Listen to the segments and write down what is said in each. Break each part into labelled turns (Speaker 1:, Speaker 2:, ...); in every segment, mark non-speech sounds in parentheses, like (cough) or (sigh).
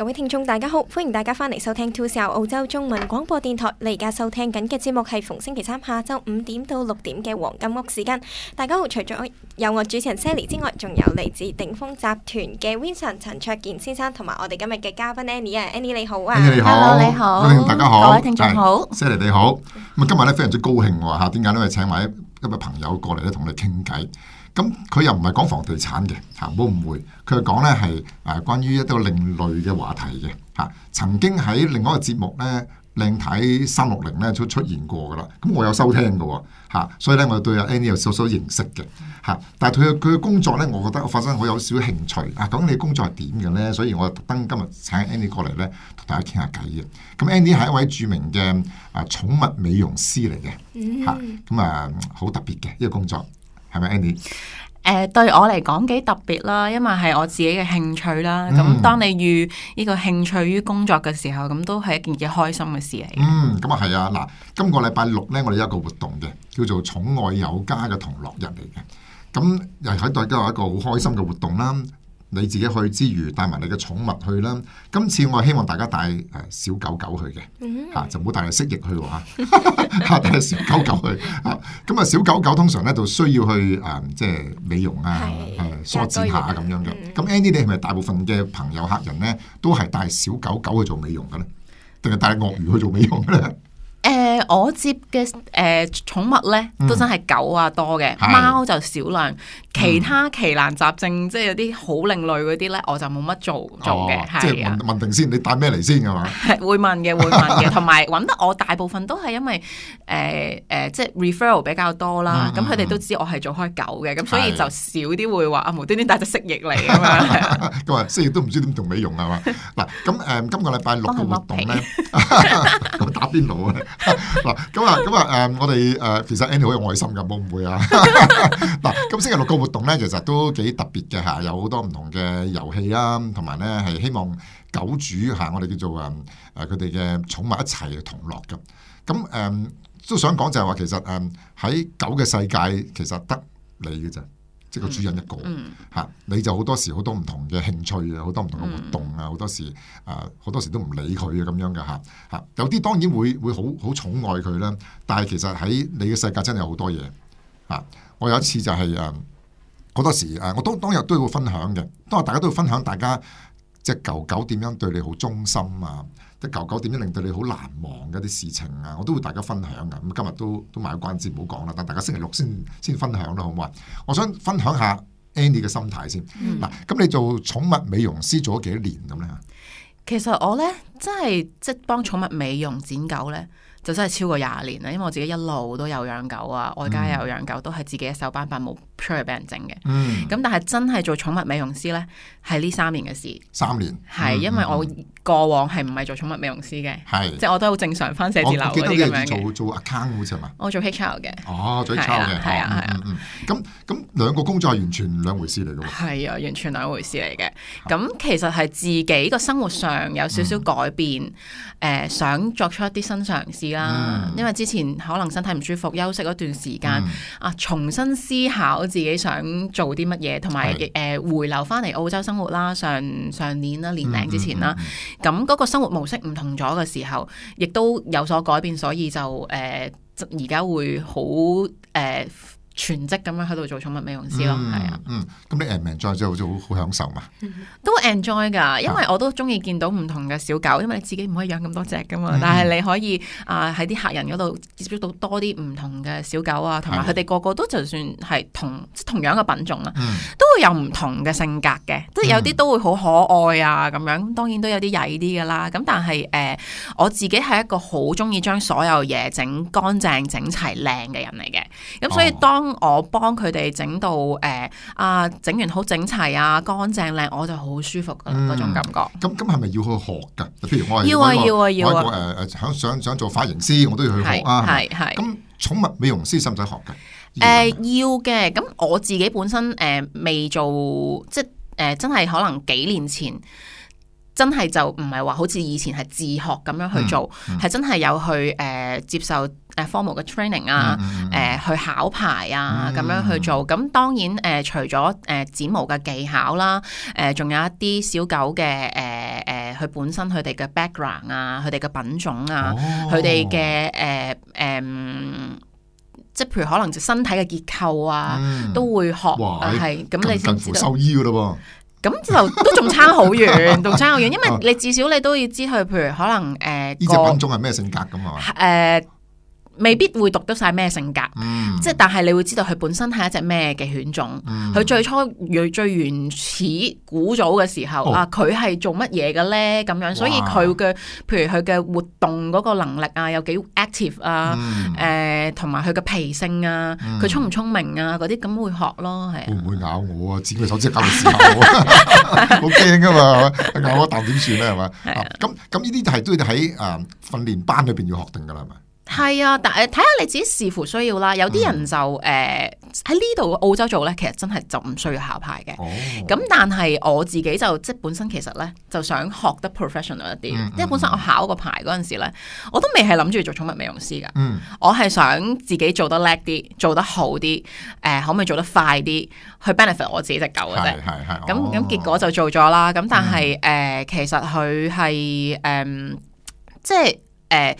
Speaker 1: 各位聽眾大家好，歡迎大家翻嚟收聽 Two Show 澳洲中文廣播電台。而家收聽緊嘅節目係逢星期三下晝五點到六點嘅黃金屋時間。大家好，除咗有我主持人 Sally 之外，仲有嚟自鼎豐集團嘅 Vincent 陳焯楗先生，同埋我哋今日嘅嘉賓 Annie 啊，Annie 你好啊，Annie 你好，Hello 你好，大家好，各位聽眾
Speaker 2: 好，Sally 你好。咁啊，今日咧，非常之高興啊吓，點解咧？請埋今日朋友過嚟咧，同你傾偈。咁佢又唔係講房地產嘅，吓，冇誤會。佢係講咧係誒關於一個另類嘅話題嘅，吓、啊、曾經喺另外一個節目咧靚睇三六零咧都出現過噶啦，咁我有收聽嘅，吓、啊、所以咧我對阿 Annie 有少少認識嘅，吓、啊、但係佢嘅佢嘅工作咧，我覺得我發生好有少少興趣，啊，咁你工作係點嘅咧？所以我特登今日請 Annie 過嚟咧同大家傾下偈嘅。咁 Annie 係一位著名嘅誒寵物美容師嚟嘅，
Speaker 3: 吓，
Speaker 2: 咁啊好、啊、特別嘅一個工作。係咪 Andy？
Speaker 3: 誒、呃、對我嚟講幾特別啦，因為係我自己嘅興趣啦。咁、嗯、當你遇呢個興趣於工作嘅時候，咁都係一件幾開心嘅事嚟、嗯。嗯，
Speaker 2: 咁啊係啊，嗱、嗯嗯嗯，今個禮拜六咧，我哋一個活動嘅叫做《寵愛有加》嘅同樂日嚟嘅。咁、嗯嗯、又喺對大家一個好開心嘅活動啦。你自己去之餘，帶埋你嘅寵物去啦。今次我希望大家帶誒小狗狗去嘅，嚇、mm hmm. 啊、就唔好帶佢蜥蜴去
Speaker 4: 喎、
Speaker 2: 啊、嚇， (laughs) 帶小狗狗去。咁啊，小狗狗通常咧就需要去誒、呃，即係美容啊，誒梳剪下咁樣嘅。咁、mm hmm. Annie，你係咪大部分嘅朋友客人咧，都係帶小狗狗去做美容嘅咧，定係帶鱷魚去做美容咧？Mm hmm. (laughs)
Speaker 3: 誒，我接嘅誒寵物咧，都真係狗啊多嘅，貓就少量。其他奇難雜症，即係有啲好另類嗰啲咧，我就冇乜做做嘅。即係問
Speaker 2: 問定先，你帶咩嚟先？係嘛？
Speaker 3: 會問嘅，會問嘅。同埋搵得我大部分都係因為誒誒，即係 referral 比較多啦。咁佢哋都知我係做開狗嘅，咁所以就少啲會話啊，無端端帶隻蜥蜴嚟啊嘛。
Speaker 2: 咁啊，蜥蜴都唔知點做美容係嘛？嗱，咁誒，今個禮拜六嘅活動咧，我打邊爐啊！嗱，咁啊， (laughs) 咁啊，誒、嗯，我哋誒、呃，其實 Annie 好有愛心㗎，冇唔會啊。嗱，咁星期六個活動咧，其實都幾特別嘅嚇，有好多唔同嘅遊戲啊，同埋咧係希望狗主嚇我哋叫做誒誒佢哋嘅寵物一齊同樂嘅。咁誒、呃、都想講就係話，其實誒喺、呃、狗嘅世界，其實得你嘅啫。即個主人一個嚇，嗯、你就好多時好多唔同嘅興趣、嗯、啊，好多唔同嘅活動啊，好多時啊，好多時都唔理佢啊咁樣嘅嚇嚇，有啲當然會會好好寵愛佢啦，但係其實喺你嘅世界真係有好多嘢啊！我有一次就係誒好多時誒，我都當日都會分享嘅，當日大家都會分享，大家隻狗狗點樣對你好忠心啊！啲狗狗點樣令到你好難忘嘅啲事情啊，我都會大家分享嘅。咁今日都都埋喺關節，唔好講啦。等大家星期六先先分享啦，好唔好啊？我想分享下 Annie 嘅心態先。嗱、嗯，咁你做寵物美容師做咗幾多年咁咧？
Speaker 3: 其實我咧真係即係幫寵物美容剪狗咧。就真係超過廿年啦，因為我自己一路都有養狗啊，外家有養狗，都係自己一手包辦，冇出去俾人整嘅。咁但係真係做寵物美容師咧，係呢三年嘅事。三
Speaker 2: 年。係因為我
Speaker 3: 過往係唔係做寵物美容師嘅，即係我都好正常返寫字樓嗰啲咁樣嘅。我記得你做
Speaker 2: 做 account 好似係嘛？
Speaker 3: 我做 HR 嘅。哦，做 HR 嘅。係啊係啊。
Speaker 2: 咁咁兩個工作係完全兩回事嚟嘅。
Speaker 3: 係啊，完全兩回事嚟嘅。咁其實係自己個生活上有少少改變，誒想作出一啲新嘗試。啦，因為之前可能身體唔舒服，休息嗰段時間啊，重新思考自己想做啲乜嘢，同埋誒回流翻嚟澳洲生活啦，上上年啦年零之前啦，咁、那、嗰個生活模式唔同咗嘅時候，亦都有所改變，所以就誒而家會好誒。呃全職咁樣喺度做寵物美容師咯，係、嗯、啊嗯，嗯，
Speaker 2: 咁你 enjoy 即係好似好好享受嘛？
Speaker 3: 都 enjoy 噶因為我都中意見到唔同嘅小狗，啊、因為你自己唔可以養咁多隻噶嘛。嗯、但係你可以啊喺啲客人嗰度接觸到多啲唔同嘅小狗啊，同埋佢哋個個都就算係同、即係、同樣嘅品種啊，嗯、都會有唔同嘅性格嘅，嗯、即係有啲都會好可愛啊咁樣，咁當然都有啲曳啲噶啦，咁但係誒、呃、我自己係一個好中意將所有嘢整乾淨、整齊、靚嘅人嚟嘅，咁所以當。嗯我幫佢哋整到誒啊，完很整完好整齊啊，乾淨靚，我就好舒服嗰種感覺。咁咁
Speaker 2: 係咪要去學噶？譬如我係一個，要啊要啊、我係誒、啊、想想想做髮型師，我都要去學啊。係係是。咁寵物美容師使唔使學噶？
Speaker 3: 誒，要嘅。咁、呃、我自己本身誒、呃、未做，即係誒、呃、真係可能幾年前，真係就唔係話好似以前係自學咁樣去做，係、嗯嗯、真係有去誒、呃、接受誒 formal 嘅 training 啊、嗯嗯嗯去考牌啊，咁樣去做。咁當然誒、呃，除咗誒、呃、剪毛嘅技巧啦，誒、呃，仲有一啲小狗嘅誒誒，佢、呃呃、本身佢哋嘅 background 啊，佢哋嘅品種啊，佢哋嘅誒誒，即係譬如可能就身體嘅結構啊，嗯、都會學。係咁哇，是你先。近乎獸
Speaker 2: 醫噶啦噃。
Speaker 3: 咁就都仲差好遠，仲差好遠。因為你至少你都要知佢，譬如可能誒，呢、呃、隻品
Speaker 2: 種係咩性格咁啊？誒、
Speaker 3: 呃。未必會讀得晒咩性格，即係但係你會知道佢本身係一隻咩嘅犬種。佢最初最原始古早嘅時候啊，佢係做乜嘢嘅咧？咁樣，所以佢嘅譬如佢嘅活動嗰個能力啊，有幾 active 啊？誒，同埋佢嘅脾性啊，佢聰唔聰明啊？嗰啲咁會學咯，係。
Speaker 2: 會唔會咬我啊？剪佢手指，咬佢試下。好驚㗎嘛？咬我啖點算咧？係嘛？咁咁呢啲就係都要喺誒訓練班裏邊要學定㗎啦，係咪？
Speaker 3: 係啊，但誒睇下你自己視乎需要啦。有啲人就誒喺呢度澳洲做咧，其實真係就唔需要考牌嘅。咁、哦、但係我自己就即係本身其實咧就想學得 professional 一啲，因為、嗯嗯嗯、本身我考個牌嗰陣時咧，我都未係諗住做寵物美容師㗎。嗯、我係想自己做得叻啲，做得好啲，誒、呃、可唔可以做得快啲去 benefit 我自己隻狗嘅啫。咁咁、哦、結果就做咗啦。咁但係誒、嗯呃、其實佢係誒即係誒。呃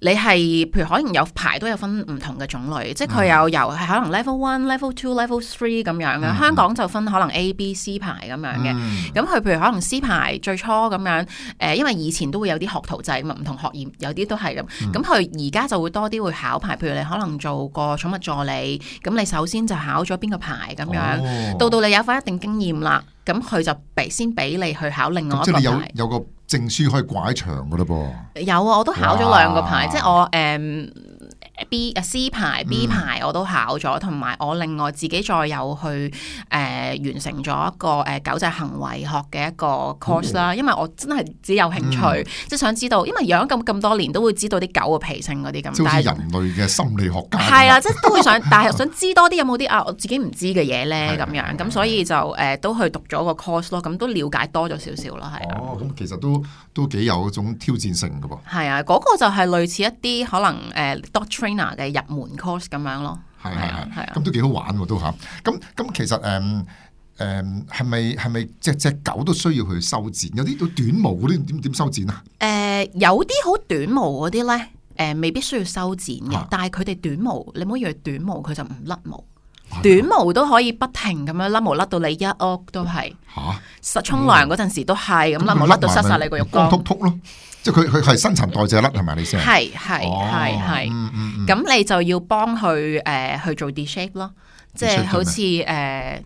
Speaker 3: 你係譬如可能有牌都有分唔同嘅種類，即係佢有由係可能 level one、mm. level two、level three 咁樣嘅。Mm. 香港就分可能 A、B、C 牌咁樣嘅。咁佢、mm. 譬如可能 C 牌最初咁樣、呃，因為以前都會有啲學徒制嘛，唔、就是、同學業有啲都係咁。咁佢而家就會多啲會考牌，譬如你可能做個寵物助理，咁你首先就考咗邊個牌咁樣，oh. 到到你有翻一定經驗啦，咁佢就俾先俾你去考另外一
Speaker 2: 個牌。證書可以掛喺牆嘅咯噃，
Speaker 3: 有啊，我都考咗兩個牌，哇 即係我誒。Um B C 牌 B 牌我都考咗，同埋、嗯、我另外自己再有去誒、呃、完成咗一個誒、呃、狗仔行為學嘅一個 course 啦、嗯，因為我真係只有興趣，即係、嗯、想知道，因為養咁咁多年，都會知道啲狗嘅脾性嗰啲咁。但係人
Speaker 2: 類嘅心理學家係是
Speaker 3: 啊，即、就、係、是、都會想， (laughs) 但係想知多啲有冇啲啊我自己唔知嘅嘢咧咁樣，咁的的所以就誒、呃、都去讀咗個 course 咯，咁都了解多咗少少啦，係啊。
Speaker 2: 哦，咁其實都都幾有一種挑戰性㗎噃。
Speaker 3: 係啊，嗰、那個就係類似一啲可能誒 doctor。呃 Do 嘅入門 course 咁樣咯，係啊
Speaker 2: 係啊，咁都幾好玩喎都吓。咁咁其實誒誒係咪係咪隻隻狗都需要去修剪？有啲好短毛嗰啲點點修剪啊？
Speaker 3: 誒、呃、有啲好短毛嗰啲咧，誒、呃、未必需要修剪嘅，的但係佢哋短毛，你唔好以為短毛佢就唔甩毛。短毛都可以不停咁樣甩毛甩到你一屋都係，實沖涼嗰陣時都係咁甩毛甩到濕晒你個肉光禿
Speaker 2: 禿咯，即係佢佢係新陳代謝甩係咪你先係
Speaker 3: 係係係，咁你就要幫佢誒去做 d shape 咯，即係是沒好似誒。呃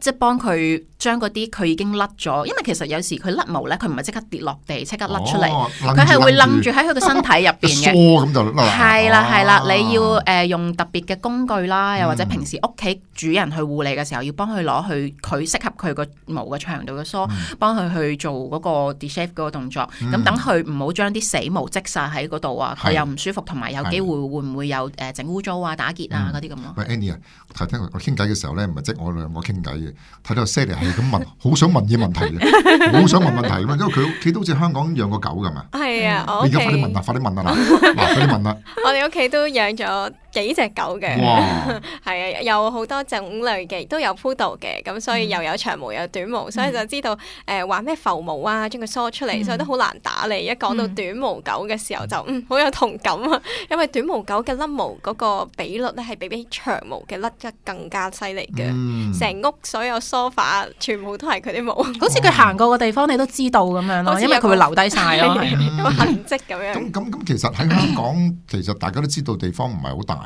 Speaker 3: 即係幫佢將嗰啲佢已經甩咗，因為其實有時佢甩毛咧，佢唔係即刻跌落地，即刻甩出嚟，佢係、哦、會冧住喺佢個身體入邊嘅。 (laughs) 梳咁
Speaker 2: 就甩啦，
Speaker 3: 係啦的、啊，你要誒、呃、用特別嘅工具啦，又或者平時屋企主人去護理嘅時候，要幫佢攞去佢適合佢個毛嘅長度嘅梳，嗯、幫佢去做嗰個 de-shape 嗰個動作。咁等佢唔好將啲死毛積晒喺嗰度啊，佢、嗯、又唔舒服，同埋有，有機會會唔會有誒整污糟啊、打結啊嗰啲咁咯。喂、
Speaker 2: 嗯、Annie 啊，頭先我傾偈嘅時候咧，唔係即我兩我傾偈嘅。睇到 Sally 係咁問，好想問啲問題嘅，好想問問題咁啊！因為佢屋企都好似香港養過狗咁啊，
Speaker 1: 係啊，你而家快啲問啦，
Speaker 2: 快啲問啊嗱， (laughs) 快啲問啦！
Speaker 1: (laughs) 我哋屋企都養咗。幾隻狗嘅，係啊，有好多種類嘅，都有撲倒嘅，咁所以又有長毛有短毛，所以就知道誒話咩浮毛啊，將佢梳出嚟，所以都好難打理。一講到短毛狗嘅時候，就嗯好有同感啊，因為短毛狗嘅甩毛嗰個比率咧，係比比長毛嘅甩得更加犀利嘅，成屋所有梳化，全部都係佢啲毛，好似
Speaker 3: 佢行過嘅地方你都知道咁樣咯，因為佢會留低曬咯痕跡咁樣。咁咁咁，
Speaker 1: 其實喺香港，
Speaker 2: 其實大家都知道地方唔係好大。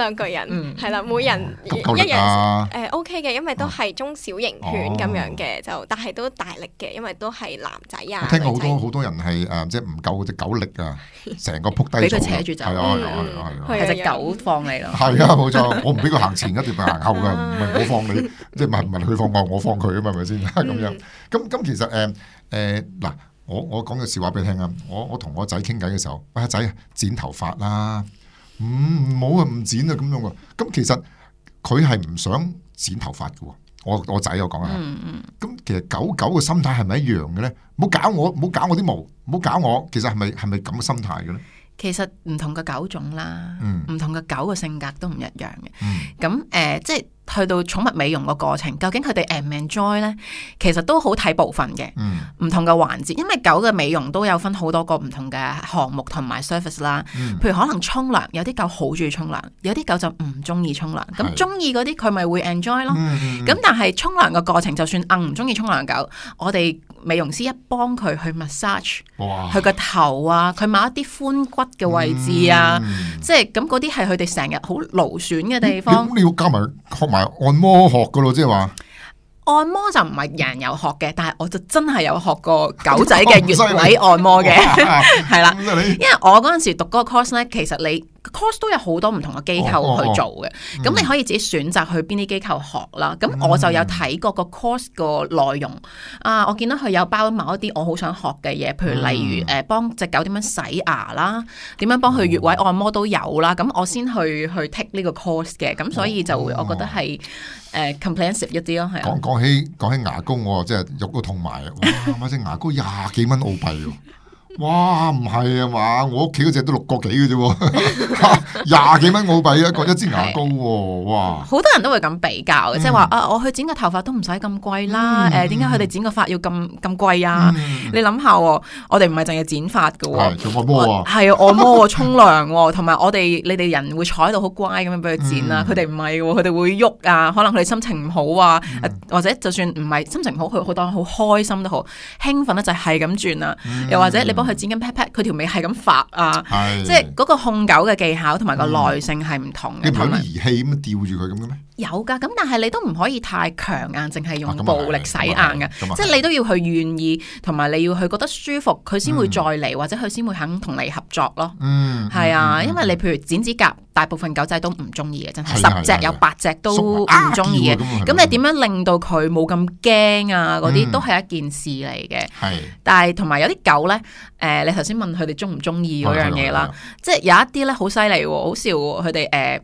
Speaker 1: 兩個人係啦，每人一人誒 OK 嘅，因為都係中小型犬咁樣嘅，就但係都大力嘅，因為都係男仔啊。聽過好多
Speaker 2: 好多人係誒，即係唔夠隻狗力啊，成個撲低俾佢扯住就係啊，係啊，係啊，
Speaker 1: 係隻狗
Speaker 3: 放你咯，係啊，冇錯，
Speaker 2: 我唔俾佢行前一段，係行後噶，唔係我放你，即係問問佢放我，我放佢啊嘛，係咪先咁樣？咁咁其實誒誒嗱，我我講個笑話俾你聽啊，我我同我仔傾偈嘅時候，喂仔剪頭髮啦。唔唔好啊，唔剪啊咁樣啊，咁其實佢係唔想剪頭髮嘅。我我仔又講啊，嗯，咁其實狗狗嘅心態係咪一樣嘅咧？唔好搞我，唔好搞我啲毛，唔好搞我。其實係咪係咪咁嘅心態嘅咧？
Speaker 3: 其實唔同嘅狗種啦，嗯，唔同嘅狗嘅性格都唔一樣嘅。咁誒，即係。去到寵物美容嘅過程，究竟佢哋 enjoy 呢？其實都好睇部分嘅，唔、嗯、同嘅環節。因為狗嘅美容都有分好多個唔同嘅項目同埋 service 啦。嗯、譬如可能沖涼，有啲狗好中意沖涼，有啲狗就唔中意沖涼。咁中意嗰啲佢咪會 enjoy 咯。咁、嗯、但係沖涼嘅過程，就算硬唔中意沖涼狗，我哋美容師一幫佢去 massage，佢個哇頭啊，佢某一啲寬骨嘅位置啊，嗯、即係咁嗰啲係佢哋成日好勞損嘅地方。
Speaker 2: 你要，要加埋。加按摩學噶咯，即係話
Speaker 3: 按摩就唔係人有學嘅，但係我就真係有學過狗仔嘅穴位按摩嘅，係啦 (laughs) (laughs) 了因為我嗰陣時候讀嗰個 course 咧，其實你。course 都有好多唔同嘅機構去做嘅，咁、哦哦嗯、你可以自己選擇去邊啲機構學啦。咁我就有睇過個 course 個內容、嗯、啊，我見到佢有包某一啲我好想學嘅嘢，譬如例如誒幫隻狗點樣洗牙啦，點樣幫佢穴位按摩都有啦。咁、哦、我先去去 take 呢個 course 嘅，咁所以就會我覺得係誒 comprehensive 一啲咯。係、哦哦、啊。講
Speaker 2: 講起講起牙膏、哦，我即係肉都痛埋， (laughs) 哇！隻牙膏廿幾蚊澳幣、啊。哇，唔係啊嘛，我屋企嗰隻都六個幾嘅啫，廿幾蚊澳幣一個一支牙膏喎，哇！
Speaker 3: 好多人都會咁比較嘅，即係話啊，我去剪個頭髮都唔使咁貴啦，誒，點解佢哋剪個發要咁咁貴啊？你諗下，我哋唔係淨係剪髮嘅，
Speaker 2: 按摩，係
Speaker 3: 按摩，沖涼，同埋我哋你哋人會坐喺度好乖咁樣俾佢剪啊。佢哋唔係，佢哋會喐啊，可能佢哋心情唔好啊，或者就算唔係心情唔好，佢佢當好開心都好，興奮咧就係咁轉啊。又或者你。佢剪緊 pat pat，佢條尾係咁發啊！是的即係嗰個控狗嘅技巧同埋個耐性係唔同嘅。你唔係儀
Speaker 2: 器咁吊住佢咁嘅咩？
Speaker 3: 有噶，咁但係你都唔可以太強硬，淨係用暴力洗硬噶，啊、是是是即係你都要去願意，同埋你要去覺得舒服，佢先會再嚟，嗯、或者佢先會肯同你合作咯。嗯，係啊的，嗯、因為你譬如剪指甲。大部分狗仔都唔中意嘅，真係十隻有八隻都唔中意嘅。咁你點樣令到佢冇咁驚啊？嗰啲都係一件事嚟嘅。係，但係同埋有啲狗咧，誒，你頭先問佢哋中唔中意嗰樣嘢啦，即係有一啲咧好犀利喎，好笑佢哋誒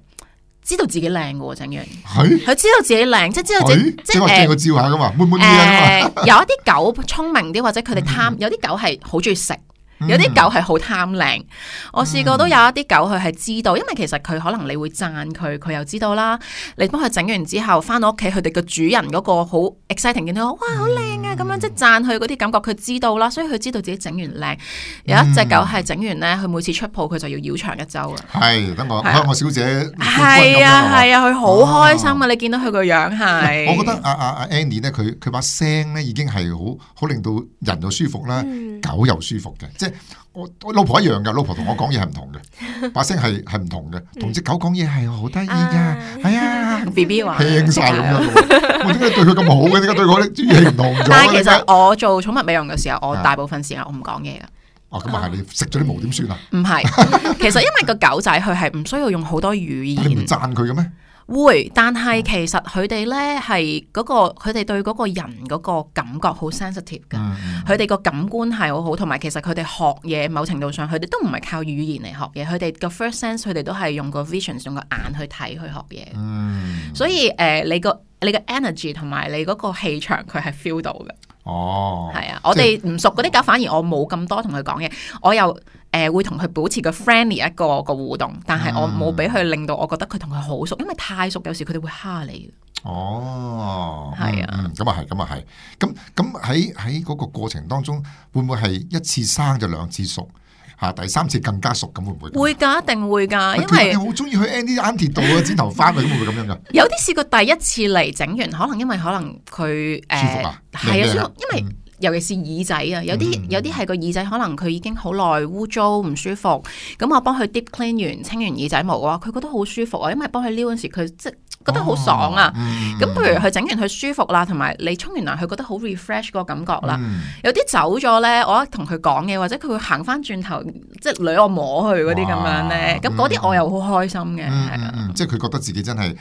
Speaker 3: 知道自己靚嘅喎，整樣。佢知道自己靚，即係知道自己即誒。照下
Speaker 2: 嘅嘛，滿唔滿意啊？
Speaker 3: 有一啲狗聰明啲，或者佢哋貪，有啲狗係好中意食。有啲狗係好貪靚，嗯、我試過都有一啲狗佢係知道，嗯、因為其實佢可能你會贊佢，佢又知道啦。你幫佢整完之後回家，翻到屋企佢哋個主人嗰個很 exciting, 好 exciting 見到哇，好靚啊咁樣，即係贊佢嗰啲感覺佢知道啦，所以佢知道自己整完靚。嗯、有一隻狗係整完咧，佢每次出鋪，佢就要繞場一周啊。
Speaker 2: 係等我，我、啊、我小姐係
Speaker 3: 啊係啊，佢好、啊啊啊、開心啊！啊你見到佢個樣係。我覺得阿阿阿
Speaker 2: Annie 咧，佢佢把聲咧已經係好好令到人又舒服啦，嗯、狗又舒服嘅。
Speaker 3: 我我老婆一樣
Speaker 2: 噶老婆同我講嘢，係唔同嘅，把聲係係唔同嘅，同隻狗講嘢係好得意噶係
Speaker 3: 啊，B B 話輕晒咁樣，
Speaker 2: 我點解對佢咁好嘅？點解對佢啲語氣唔同咗？但係其實
Speaker 3: 我做寵物美容嘅時候，我大部分時間我唔講嘢噶。
Speaker 2: 哦，咁啊，你食咗啲毛點算啊？
Speaker 3: 唔係，其實因為個狗仔佢係唔需要用好多語
Speaker 2: 言，你唔讚佢嘅咩？
Speaker 3: 會，但係其實佢哋咧係嗰個，佢哋對嗰個人嗰個感覺好 sensitive 嘅，佢哋個感官係好好，同埋其實佢哋學嘢某程度上，佢哋都唔係靠語言嚟學嘢，佢哋個 first sense 佢哋都係用個 vision 用個眼去睇去學嘢。Mm hmm. 所以誒、呃，你個你個 energy 同埋你嗰個氣場，佢係 feel 到嘅。哦，係啊，我哋唔熟嗰啲狗，Oh. 反而我冇咁多同佢講嘢，我又。誒，會同佢保持個 friendly 一個個互動，但係我冇俾佢令到，我覺得佢同佢好熟，因為太熟，有時佢哋會蝦你。
Speaker 4: 哦，
Speaker 3: 係啊，
Speaker 2: 咁啊係，咁啊係，咁咁喺喺嗰個過程當中，會唔會係一次生就兩次熟，吓第三次更加熟，咁會唔會？
Speaker 3: 會噶，一定會噶，因為好中意去
Speaker 2: Annie Annie 度啊，剪頭髮佢會唔會咁樣噶。
Speaker 3: 有啲試過第一次嚟整完，可能因為可能佢誒，係啊，舒服，因為。尤其是耳仔啊，有啲有啲係個耳仔可能佢已經好耐污糟唔舒服，咁我幫佢 deep clean 完清完耳仔毛啊，佢覺得好舒服啊，因為幫佢撩嗰時佢即係覺得好爽啊。咁、哦嗯、譬如佢整完佢舒服啦，同埋、嗯、你沖完涼佢覺得好 refresh 嗰個感覺啦。嗯、有啲走咗咧，我同佢講嘢，或者佢會行翻轉頭即係女，我摸佢嗰啲咁樣咧，咁嗰啲我又好開心嘅，係、嗯
Speaker 2: 的嗯、即係佢覺得自己真係。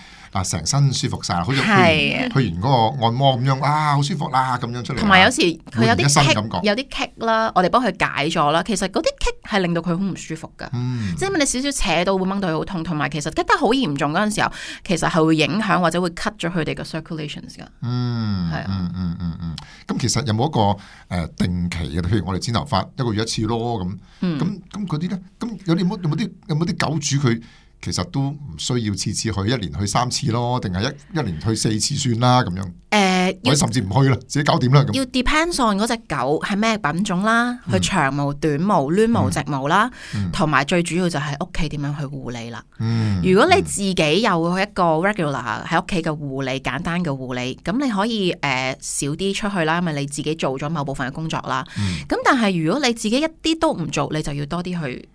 Speaker 2: 成身舒服晒，好似去完是的 去完嗰個按摩咁樣，啊好舒服啦、啊、咁樣出嚟。同埋有時佢有啲有啲
Speaker 3: 棘 i 啦，我哋幫佢解咗啦。其實嗰啲棘 i 係令到佢好唔舒服噶，嗯、即係咪你少少扯到會掹到佢好痛，同埋其實棘得好嚴重嗰陣時候，其實係會影響或者會 cut 咗佢哋嘅 circulations 噶、嗯是的 嗯。嗯，係、
Speaker 2: 嗯、啊，嗯嗯嗯咁、嗯嗯、其實有冇一個誒定期嘅？譬如我哋剪頭髮一個月一次咯咁。
Speaker 3: 咁
Speaker 2: 咁嗰啲咧，咁有冇有冇啲有冇啲狗主佢？他其實都唔需要次次去，一年去三次咯，定係一一年去四次算啦，咁樣。
Speaker 3: 誒、呃，我甚
Speaker 2: 至唔去啦，要自己搞掂啦。咁要
Speaker 3: depend on 嗰隻狗係咩品種啦，佢長毛、嗯、短毛、攣毛、嗯、直毛啦，同埋最主要就係屋企點樣去護理啦。嗯、如果你自己有一個 regular 喺屋企嘅護理，嗯、簡單嘅護理，咁你可以誒少啲出去啦，因為你自己做咗某部分嘅工作啦。咁、嗯、但係如果你自己一啲都唔做，你就要多啲去。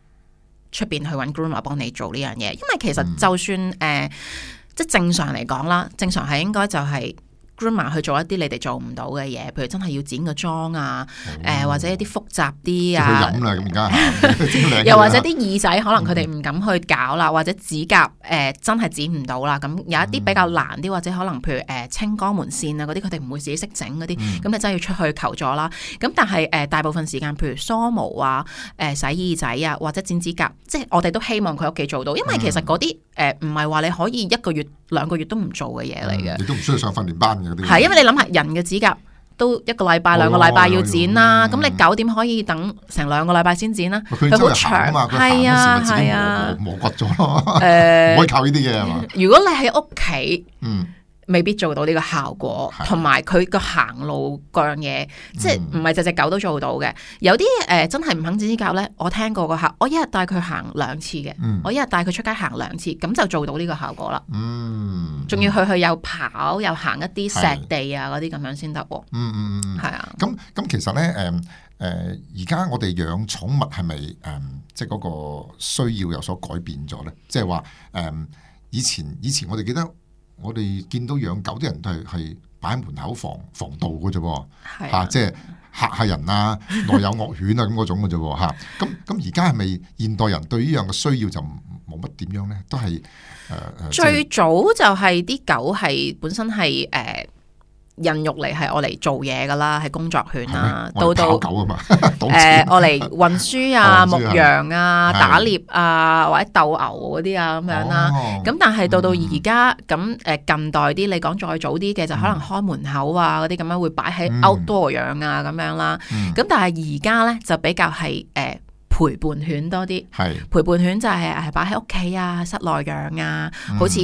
Speaker 3: 出邊去揾 groomer 幫你做呢樣嘢，因為其實就算誒，即正常嚟講啦，正常係應該就係、是。Groomer 去做一啲你哋做唔到嘅嘢，譬如真係要剪個妝啊，誒、哦呃、或者一啲複雜啲啊，飲
Speaker 2: 啦咁而家， (laughs) (laughs) 又或者啲耳
Speaker 3: 仔可能佢哋唔敢去搞啦，嗯、或者指甲誒、呃、真係剪唔到啦。咁有一啲比較難啲或者可能譬如誒、呃、清肛門線啊嗰啲，佢哋唔會自己識整嗰啲，咁、嗯、你真係要出去求助啦。咁但係誒、呃、大部分時間，譬如梳毛啊、誒、呃、洗耳仔啊或者剪指甲，即係我哋都希望佢屋企做到，因為其實嗰啲誒唔係話你可以一個月兩個月都唔做嘅嘢嚟嘅，你
Speaker 2: 都唔需要上訓練班嘅。係，因為你
Speaker 3: 諗下人嘅指甲都一個禮拜、兩個禮拜要剪啦，咁、哎哎、你九點可以等成兩個禮拜先剪啦。佢好、嗯、長，係啊，係啊，
Speaker 2: 磨骨咗咯。
Speaker 3: 誒、呃，唔 (laughs) 可以靠呢啲嘢係嘛？如果你喺屋企，嗯。未必做到呢個效果，同埋佢個行路嗰樣嘢，即係唔係隻隻狗都做到嘅。嗯、有啲誒、呃、真係唔肯整教咧。我聽過個客，我一日帶佢行兩次嘅，嗯、我一日帶佢出街行兩次，咁就做到呢個效果啦。
Speaker 4: 嗯，
Speaker 3: 仲要去去又跑又行一啲石地啊嗰啲咁樣先得喎。嗯嗯
Speaker 2: 嗯，係啊的。咁咁其實咧誒誒，而、呃、家我哋養寵物係咪誒即係嗰個需要有所改變咗咧？即係話誒以前以前我哋記得。我哋見到養狗啲人都係係擺喺門口防防盜嘅啫喎，是啊，啊就係、嚇，即係嚇下人啦，啊，內有惡犬啊咁嗰種嘅啫喎，咁咁而家係咪現代人對呢樣嘅需要就冇乜點樣咧？都係誒、呃、最
Speaker 3: 早就係啲狗係本身係誒。呃人肉嚟係我嚟做嘢噶啦，係工作犬啊，到到誒我嚟運輸啊、牧羊啊、打獵啊或者鬥牛嗰啲啊咁樣啦。咁但係到到而家咁誒近代啲，你講再早啲嘅就可能開門口啊嗰啲咁樣會擺喺 outdoor 養啊咁樣啦。咁但係而家咧就比較係誒陪伴犬多啲，係陪伴犬就係係擺喺屋企啊、室內養啊，好似。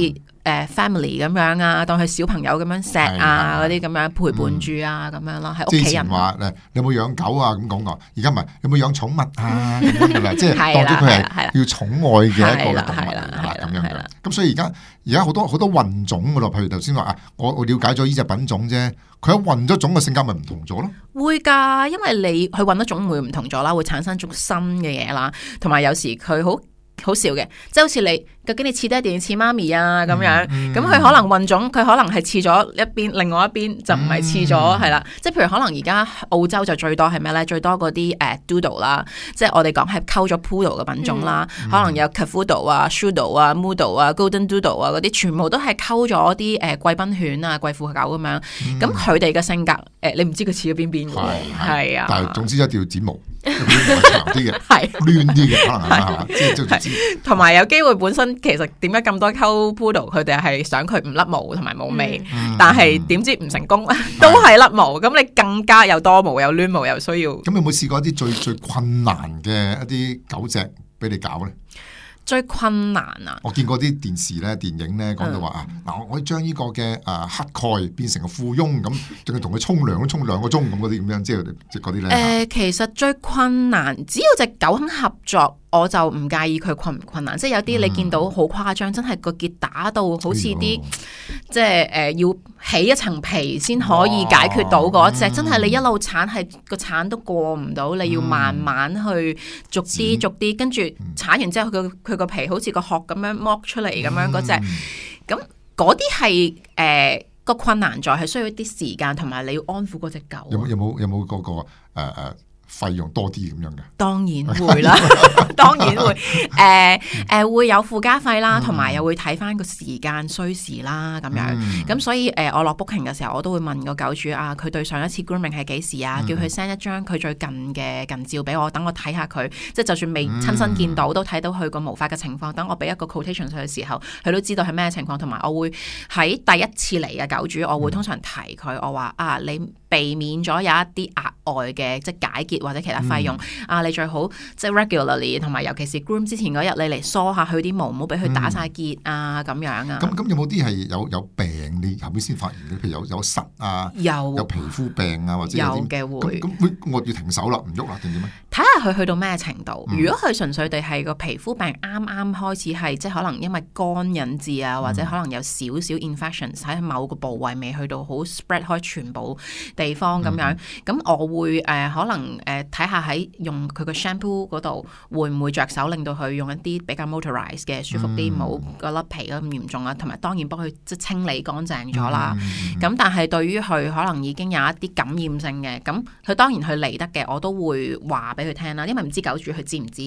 Speaker 3: family 咁樣啊，當係小朋友咁樣錫啊，嗰啲咁樣陪伴住啊，咁、嗯、樣咯、啊，係屋企人話
Speaker 2: 誒，你有冇養狗啊？咁講過，而家唔係，有冇養寵物啊？即係、 (laughs) 啊就是、當咗佢係要寵愛嘅一個動物啦，咁樣 (laughs) 樣。咁所以而家而家好多好多混種噶咯，譬如頭先話啊，我我了解咗呢隻品種啫，佢一混咗種嘅性格咪唔同咗咯？
Speaker 3: 會噶，因為你佢混咗種會唔同咗啦，會產生種新嘅嘢啦，同埋有,有時佢好。好笑嘅，即係好似你究竟你似得一定似媽咪啊咁樣，咁佢、嗯嗯、可能混種，佢可能係似咗一邊，另外一邊就唔係似咗係啦。即係譬如可能而家澳洲就最多係咩咧？最多嗰啲誒、呃、Doodle 啦，即係我哋講係溝咗 Poodle 嘅品種啦，嗯嗯、可能有 Cavoodle 啊、Shoodle 啊、Moodle 啊、Golden Doodle 啊嗰啲，全部都係溝咗啲誒貴賓犬啊、貴婦狗咁樣。咁佢哋嘅性格誒、呃，你唔知佢似咗邊邊嘅，係是啊。但
Speaker 2: 係總之一定要剪毛。
Speaker 3: 亂啲嘅，係，亂啲嘅，可能係嘛，即係即係。同埋有機會本身其實點解咁多溝 poodle，佢哋係想佢唔甩毛同埋冇味，但係點知唔成功，都係甩毛。咁你更加有多毛，又亂毛，又需要。
Speaker 2: 咁有冇試過一啲最最困難嘅一啲狗隻俾你搞咧？
Speaker 3: 最困難啊！我見
Speaker 2: 過啲電視咧、電影咧，講到話、嗯、啊，嗱，我可以將呢個嘅誒、呃、乞丐變成個富翁咁，仲要同佢沖涼都沖兩個鐘咁嗰啲咁樣，即係即係嗰啲咧。誒、就是
Speaker 3: 呃，其實最困難，只要隻狗肯合作。我就唔介意佢困唔困難，即係有啲你見到好誇張，嗯、真係個結打到好似啲，哎、呦即係誒、呃、要起一層皮先可以解決到嗰隻，嗯、真係你一路鏟係個鏟都過唔到，你要慢慢去逐啲逐啲，跟住鏟完之後佢佢、嗯、個皮好似個殼咁樣剝出嚟咁樣嗰隻，咁嗰啲係誒個困難在係需要一啲時間，同埋你要安撫嗰隻狗嘅有。有
Speaker 2: 冇有冇有冇嗰個誒誒？呃呃費用多啲咁樣嘅，
Speaker 3: 當然會啦， (laughs) (laughs) 當然會，誒、呃、誒、呃、會有附加費啦，同埋、嗯、又會睇翻個時間需時啦咁樣，咁、嗯、所以誒、呃、我落 booking 嘅時候，我都會問個狗主啊，佢對上一次 grooming 係幾時啊？嗯、叫佢 send 一張佢最近嘅近照俾我，等我睇下佢，即係就算未親身見到，嗯、都睇到佢個毛髮嘅情況，等我俾一個 quotation 嘅時候，佢都知道係咩情況，同埋我會喺第一次嚟嘅狗主，我會通常提佢，嗯、我話啊你。避免咗有一啲額外嘅即係解結或者其他費用啊！嗯 ah, 你最好即係、就是、regularly 同埋尤其是 groom 之前嗰日你嚟梳下佢啲毛，唔好俾佢打晒結啊咁樣啊！咁咁、嗯、有冇啲係
Speaker 2: 有有，有病你後面先發現嘅？譬如有有濕啊，有有皮膚病啊，或者有嘅會咁咁，我要停手啦，唔喐啦，定點咩？
Speaker 3: 睇下佢去到咩程度。如果佢純粹地係個皮膚病啱啱開始係、嗯、即係可能因為乾引致啊，或者可能有少少 infection，喺、嗯、某個部位未去到好 spread 開全部地方咁樣，咁、嗯、我會誒、呃、可能誒睇下喺用佢個 shampoo 嗰度會唔會着手令到佢用一啲比較 moisturise 嘅舒服啲，冇個甩皮咁嚴重啊，同埋當然幫佢即清理乾淨咗啦。咁、嗯、但係對於佢可能已經有一啲感染性嘅，咁佢當然佢嚟得嘅，我都會話俾。佢聽啦，因為唔知狗主佢知唔知，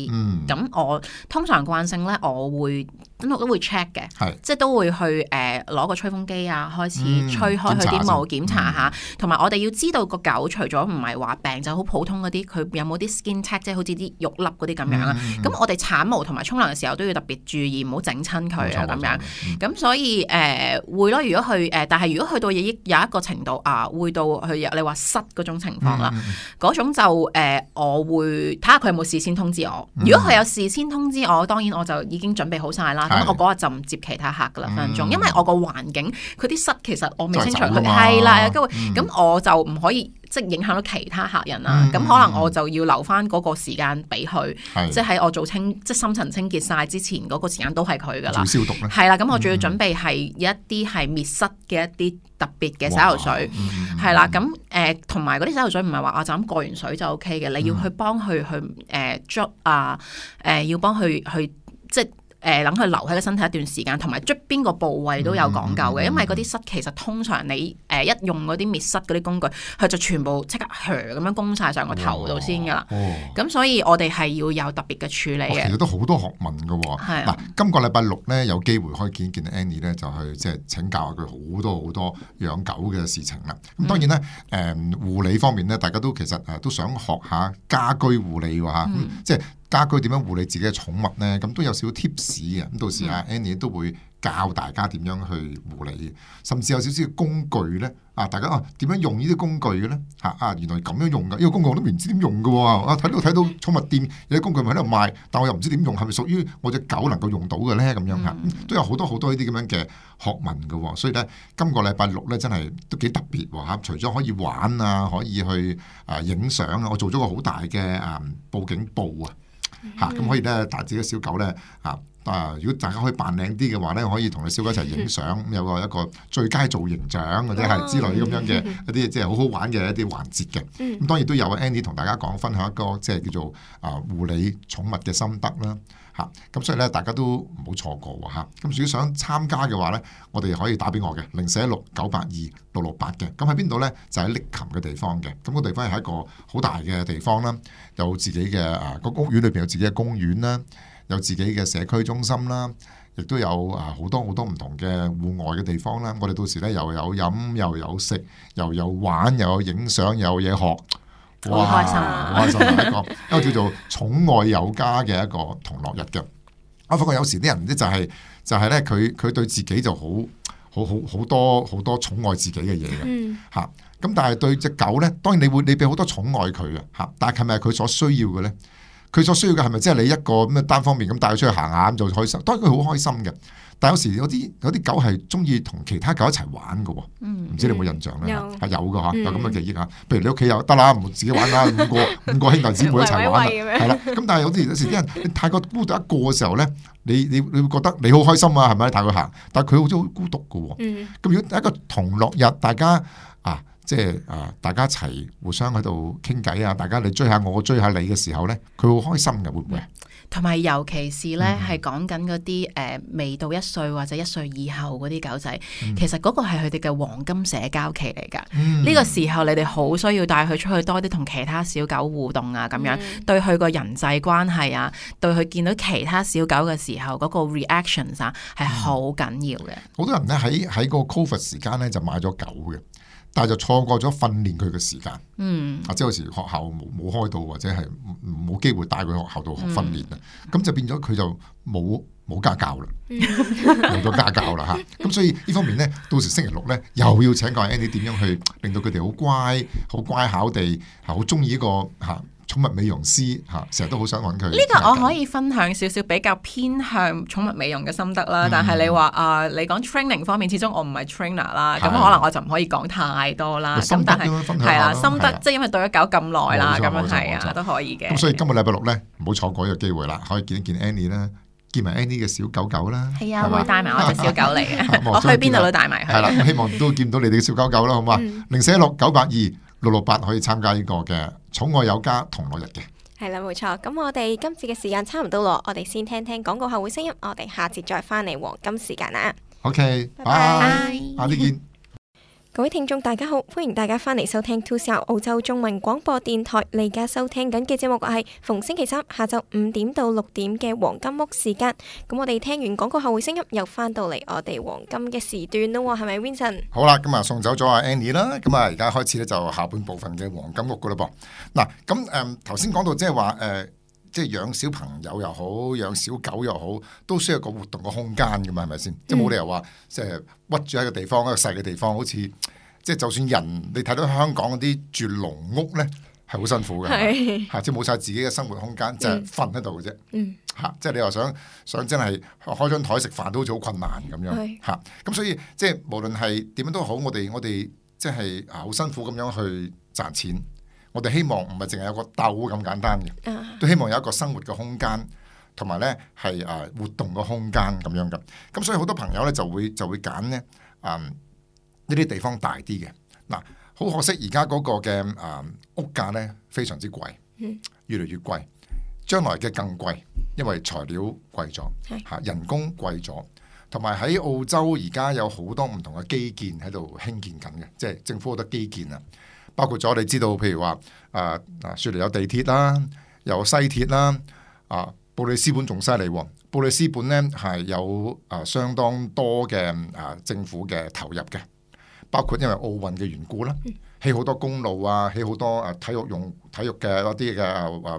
Speaker 3: 咁，嗯，我通常慣性咧，我會。咁我都會 check 嘅，是即係都會去攞、呃、個吹風機啊，開始吹開佢啲毛、嗯，檢查下。同埋、嗯、我哋要知道個狗除咗唔係話病，嗯、就好普通嗰啲，佢有冇啲 skin tag，即係好似啲肉粒嗰啲咁樣啊。咁、嗯嗯、我哋產毛同埋沖涼嘅時候都要特別注意，唔好整親佢啊咁樣。咁錯所以誒、呃、會咯，如果去、呃、但係如果去到有一個程度啊，會到去你話濕嗰種情況啦，嗰、嗯、種就、呃、我會睇下佢有冇事先通知我。嗯、如果佢有事先通知我，當然我就已經準備好晒啦。咁我嗰日就唔接其他客噶啦，分鐘，因為我個環境佢啲室其實我未清除佢，係啦，咁我就唔可以即係影響到其他客人啦。咁可能我就要留翻嗰個時間俾佢，即係喺我做清即係深層清潔晒之前嗰個時間都係佢噶啦。消毒咧，係啦，咁我仲要準備係一啲係滅濕嘅一啲特別嘅洗頭水，係啦，咁誒同埋嗰啲洗頭水唔係話我就咁過完水就 OK 嘅，你要去幫佢去誒捽啊，誒要幫佢去即係。誒，等佢、呃、留喺個身體一段時間，同埋捽邊個部位都有講究嘅。因為嗰啲虱，其實通常你誒、呃、一用嗰啲滅虱嗰啲工具，佢就全部即刻吓咁樣攻晒上個頭度先噶啦。咁所以，我哋係要有特別嘅處理嘅、哦。其實都好多學
Speaker 2: 問噶。係嗱、啊啊，今個禮拜六咧，有機會可以見見 Annie 咧，就去即係請教下佢好多好多養狗嘅事情啦。咁當然咧，誒護、嗯嗯、理方面咧，大家都其實誒都想學下家居護理吓，嗯嗯、即係。家居點樣護理自己嘅寵物咧？咁都有少少 tips 嘅。咁到時阿 Annie 都會教大家點樣去護理，甚至有少少工具咧。啊，大家啊，點樣用呢啲工具嘅咧？嚇啊，原來咁樣用噶，呢個工具我都唔知點用嘅喎。啊，睇到睇到寵物店有啲工具咪喺度賣，但我又唔知點用，係咪屬於我隻狗能夠用到嘅咧？咁樣啊，都有好多好多呢啲咁樣嘅學問嘅喎。所以咧，今個禮拜六咧真係都幾特別喎嚇！除咗可以玩啊，可以去啊影相啊，我做咗個好大嘅啊報警報啊～嚇咁、 (music) 啊、可以咧帶自己小狗咧嚇啊！如果大家可以扮靚啲嘅話咧，可以同你小狗一齊影相， (laughs) 有個一個最佳造型獎或者係 (laughs) 之類咁樣嘅一啲即係好好玩嘅一啲環節嘅。咁 (laughs) 當然都有 Annie 同大家講分享一個即係、就是、叫做啊、呃、護理寵物嘅心得啦。咁、嗯、所以咧，大家都唔好錯過吓。咁如果想參加嘅話咧，我哋可以打俾我嘅零四一六九八二六六八嘅。咁喺邊度咧？就喺、是、瀝琴嘅地方嘅。咁、那個地方係一個好大嘅地方啦，有自己嘅啊個公園裏邊有自己嘅公園啦，有自己嘅社區中心啦，亦都有啊好多好多唔同嘅戶外嘅地方啦。我哋到時咧又有飲又有食，又有玩又有影相，又有嘢學。好開心，好開心。 (laughs) 一個，一個叫做寵愛有家嘅一個同樂日嘅。我發覺有時啲人咧就係、是、就係、是、咧，佢佢對自己就好好好好多好多寵愛自己嘅嘢嘅。吓咁、嗯啊，但係對隻狗咧，當然你會你俾好多寵愛佢嘅吓。但係係咪佢所需要嘅咧？佢所需要嘅係咪即係你一個咁啊單方面咁帶佢出去行下咁就開心？當然佢好開心嘅。但有時有啲有啲狗係中意同其他狗一齊玩㗎喎，唔、嗯、知你有冇印象咧？係有㗎吓，有咁嘅、嗯、記憶嚇。譬如你屋企有得啦，唔自己玩啦， (laughs) 五個五個兄弟姊妹一齊玩，係啦。 (laughs) 咁但係有時有時啲人你太過孤獨一個嘅時候咧，你你你會覺得你好開心啊，係咪帶佢行？但係佢好似好孤獨㗎喎。咁、嗯、如果一個同樂日，大家啊，即係啊，大家一齊互相喺度傾偈啊，大家你追下我，我追下你嘅時候咧，佢會開心嘅會唔會？嗯
Speaker 3: 同埋尤其是咧，係講緊嗰啲誒未到一歲或者一歲以後嗰啲狗仔，嗯、其實嗰個係佢哋嘅黃金社交期嚟㗎。呢、嗯、個時候你哋好需要帶佢出去多啲同其他小狗互動啊，咁樣、嗯、對佢個人際關係啊，對佢見到其他小狗嘅時候嗰個 reactions 啊，係好緊要嘅。
Speaker 2: 好多人咧喺喺個 COVID 時間咧就買咗狗嘅。但係就錯過咗訓練佢嘅時間，嗯、啊！即係有時學校冇冇開到，或者係冇機會帶佢學校度訓練啊，咁就變咗佢就冇冇家教啦，
Speaker 4: 冇咗家
Speaker 2: 教啦嚇！咁所以呢方面咧，到時星期六咧，又要請教 Annie 點樣去令到佢哋好乖、好乖巧地，好中意呢個嚇。啊寵物美容師嚇，成日都好想揾佢。呢個我
Speaker 3: 可以分享少少比較偏向寵物美容嘅心得啦。但係你話啊，你講 training 方面，始終我唔係 trainer 啦，咁可能我就唔可以講太多啦。咁但係分享係啦，心得即係因為對咗狗咁耐啦，咁樣係啊，都可以嘅。咁所以
Speaker 2: 今日禮拜六咧，唔好錯過呢個機會啦，可以見一見 Annie 啦，見埋 Annie 嘅小狗狗啦。係啊，會帶埋我隻
Speaker 3: 小狗嚟
Speaker 1: 嘅，我去邊度都帶埋。係啦，希望都
Speaker 2: 見到你哋嘅小狗狗啦，好嘛？零四一六九八二六六八可以參加呢個嘅寵愛有家同樂日嘅，
Speaker 1: 係啦，冇錯。咁我哋今次嘅時間差唔多咯，我哋先聽聽廣告後會聲音，我哋下次再翻嚟黃金時間啦。
Speaker 2: OK，拜拜，下次見。
Speaker 1: 各位聽眾大家好，歡迎大家翻嚟收聽 To Show 澳洲中文廣播電台。你而家收聽緊嘅節目係逢星期三下晝五點到六點嘅黃金屋時間。咁我哋聽完廣告後，會聲音又翻到嚟我哋黃金嘅時段啦，係咪 Vincent？
Speaker 2: 好啦，咁啊送走咗阿 Annie 啦，咁啊而家開始咧就下半部分嘅黃金屋噶啦噃。嗱，咁誒頭先講到即係話誒。即係養小朋友又好，養小狗又好，都需要個活動嘅空間㗎嘛，係咪先？嗯、即係冇理由話即係屈住喺個地方，一個細嘅地方，好似即係就算人，你睇到香港嗰啲住籠屋咧，係好辛苦㗎，嚇是、啊！即係冇晒自己嘅生活空間，即係瞓喺度嘅啫，嚇、嗯啊！即係你又想想真係開張枱食飯都好似好困難咁樣，嚇是！咁、啊、所以即係無論係點樣都好，我哋我哋即係啊好辛苦咁樣去賺錢。我哋希望唔係淨係有個竇咁簡單嘅，都希望有一個生活嘅空間，同埋呢係誒、呃、活動嘅空間咁樣嘅。咁所以好多朋友呢就會就會揀咧誒呢啲地方大啲嘅。嗱，好可惜而家嗰個嘅誒、呃、屋價呢非常之貴，越嚟越貴，將來嘅更貴，因為材料貴咗，嚇是人工貴咗，同埋喺澳洲而家有好多唔同嘅基建喺度興建緊嘅，即係政府好多基建啊。包括咗你知道，譬如話啊啊，雪梨有地鐵啦，有西鐵啦，啊，布里斯本仲犀利喎。布里斯本呢係有啊相當多嘅啊政府嘅投入嘅，包括因為奧運嘅緣故啦，起好多公路啊，起好多啊體育用體育嘅一啲嘅啊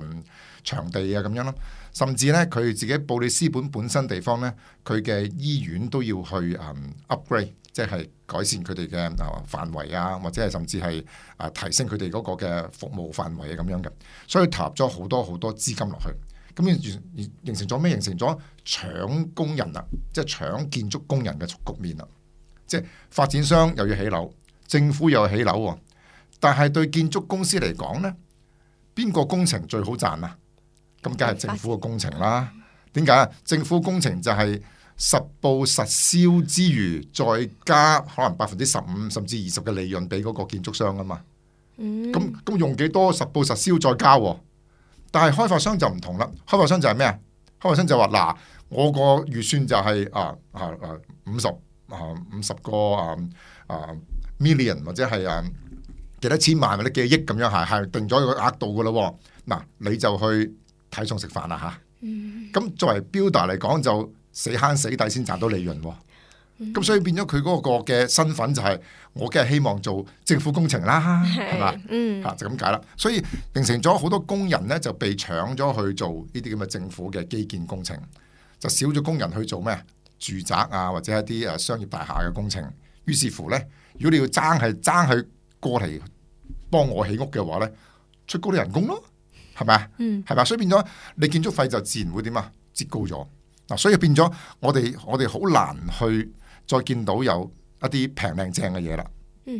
Speaker 2: 場地啊咁樣咯。甚至咧，佢自己布里斯本本身地方咧，佢嘅醫院都要去、嗯、upgrade，即係改善佢哋嘅範圍啊，或者係甚至係啊提升佢哋嗰個嘅服務範圍嘅咁樣嘅，所以投入咗好多好多資金落去。咁形成咗咩？形成咗搶工人啦，即係搶建築工人嘅局面啦。即係發展商又要起樓，政府又要起樓喎，但係對建築公司嚟講咧，邊個工程最好賺啊？咁梗係政府嘅工程啦？點解啊？政府工程就係實報實銷之餘，再加可能百分之十五甚至二十嘅利潤俾嗰個建築商啊嘛。
Speaker 4: 咁
Speaker 2: 咁用幾多實報實銷再加、啊？但係開發商就唔同啦。開發商就係咩啊？開發商就話嗱，我個預算就係、是、啊啊五十啊五十啊五十個啊啊 million 或者係啊幾多千萬或者幾億咁樣，係係定咗個額度㗎啦。嗱，你就去。睇重食飯啦吓，咁、啊嗯、作為 builder 嚟講就死慳死抵先賺到利潤，咁、啊嗯、所以變咗佢嗰個嘅身份就係、是、我梗係希望做政府工程啦，係嘛，嚇就咁解啦。所以形成咗好多工人咧就被搶咗去做呢啲咁嘅政府嘅基建工程，就少咗工人去做咩住宅啊或者一啲誒商業大廈嘅工程。於是乎咧，如果你要爭係爭去過嚟幫我起屋嘅話咧，出高啲人工咯。係咪啊？係咪啊？所以變咗，你建築費就自然會點啊？折高咗嗱，所以變咗，我哋我哋好難去再見到有一啲平靚正嘅嘢啦。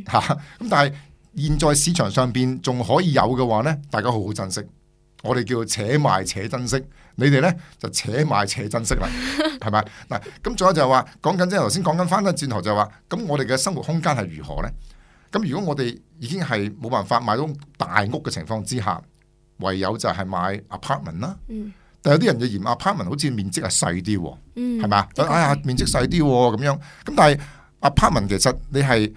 Speaker 2: 吓咁，但係現在市場上邊仲可以有嘅話咧，大家好好珍惜。我哋叫且賣且珍惜，你哋咧就且買且珍惜啦。係咪嗱？咁仲 (laughs) 有就係話講緊即係頭先講緊翻翻轉頭就係話，咁我哋嘅生活空間係如何咧？咁如果我哋已經係冇辦法買到大屋嘅情況之下。唯有就係買 apartment 啦、嗯，但有啲人就嫌 apartment 好似面積係細啲，係咪？哎呀，面積細啲咁樣，咁但係 apartment 其實你係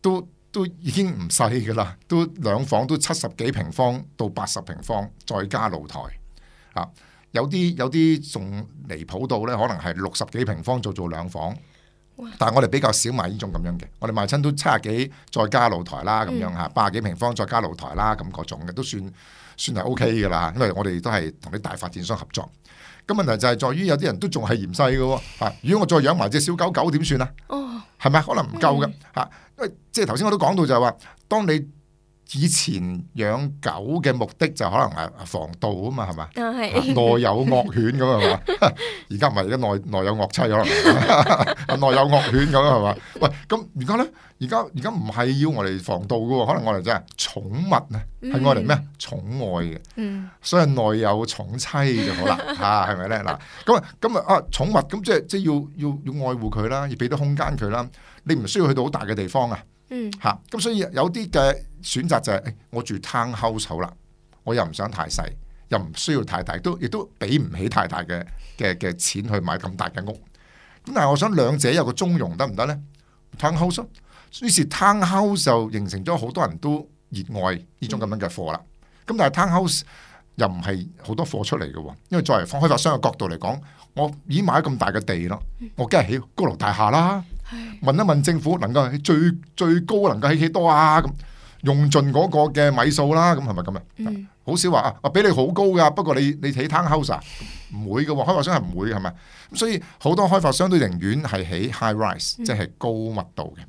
Speaker 2: 都都已經唔細噶啦，都兩房都七十幾平方到八十平方，再加露台啊！有啲有啲仲離譜到呢，可能係六十幾平方就做做兩房，
Speaker 4: 哇但係我哋
Speaker 2: 比較少買呢種咁樣嘅，我哋賣親都七十幾，再加露台啦咁樣吓，八十幾平方再加露台啦咁嗰種嘅，都算。算係 OK 噶啦，因為我哋都係同啲大發展商合作。咁問題就係在於有啲人都仲係嫌細嘅喎，嚇！如果我再養埋隻小狗狗點算啊？哦，係咪可能唔夠嘅？嚇，因為即係頭先我都講到就係話，當你。以前養狗嘅目的就係可能係防盜啊嘛，係嘛？內有惡犬咁啊嘛，而家唔係而家內內有惡妻咯，內 (laughs) 有惡犬咁啊嘛？喂，咁而家咧，而家而家唔係要我哋防盜噶，可能我哋真係寵物咧，係我哋咩啊？寵愛嘅，
Speaker 4: 嗯、
Speaker 2: 所以內有寵妻就好啦，吓係咪咧？嗱， (music) 咁啊咁啊啊寵物，咁即係即係要要要愛護佢啦，要俾啲空間佢啦，你唔需要去到好大嘅地方啊，吓咁、嗯，啊、所以有啲嘅。選擇就係、是哎、我住 townhouse 好啦，我又唔想太細，又唔需要太大，都亦都俾唔起太大嘅嘅嘅錢去買咁大間屋。咁但係我想兩者有個中庸得唔得咧？townhouse 於是 townhouse 就形成咗好多人都熱愛呢種咁樣嘅貨啦。咁但係 townhouse 又唔係好多貨出嚟嘅喎，因為作為放開發商嘅角度嚟講，我已經買咗咁大嘅地咯，我梗係起高樓大廈啦。是問一問政府能夠最最高能夠起幾多啊？咁。用盡嗰個嘅米數啦，咁係咪咁啊？好少話啊，我俾你好高噶，不過你你，你起 townhouse 啊，唔會嘅喎，開發商係唔會係咪？所以好多開發商都寧願係起 high rise，嗯、即係高密度嘅，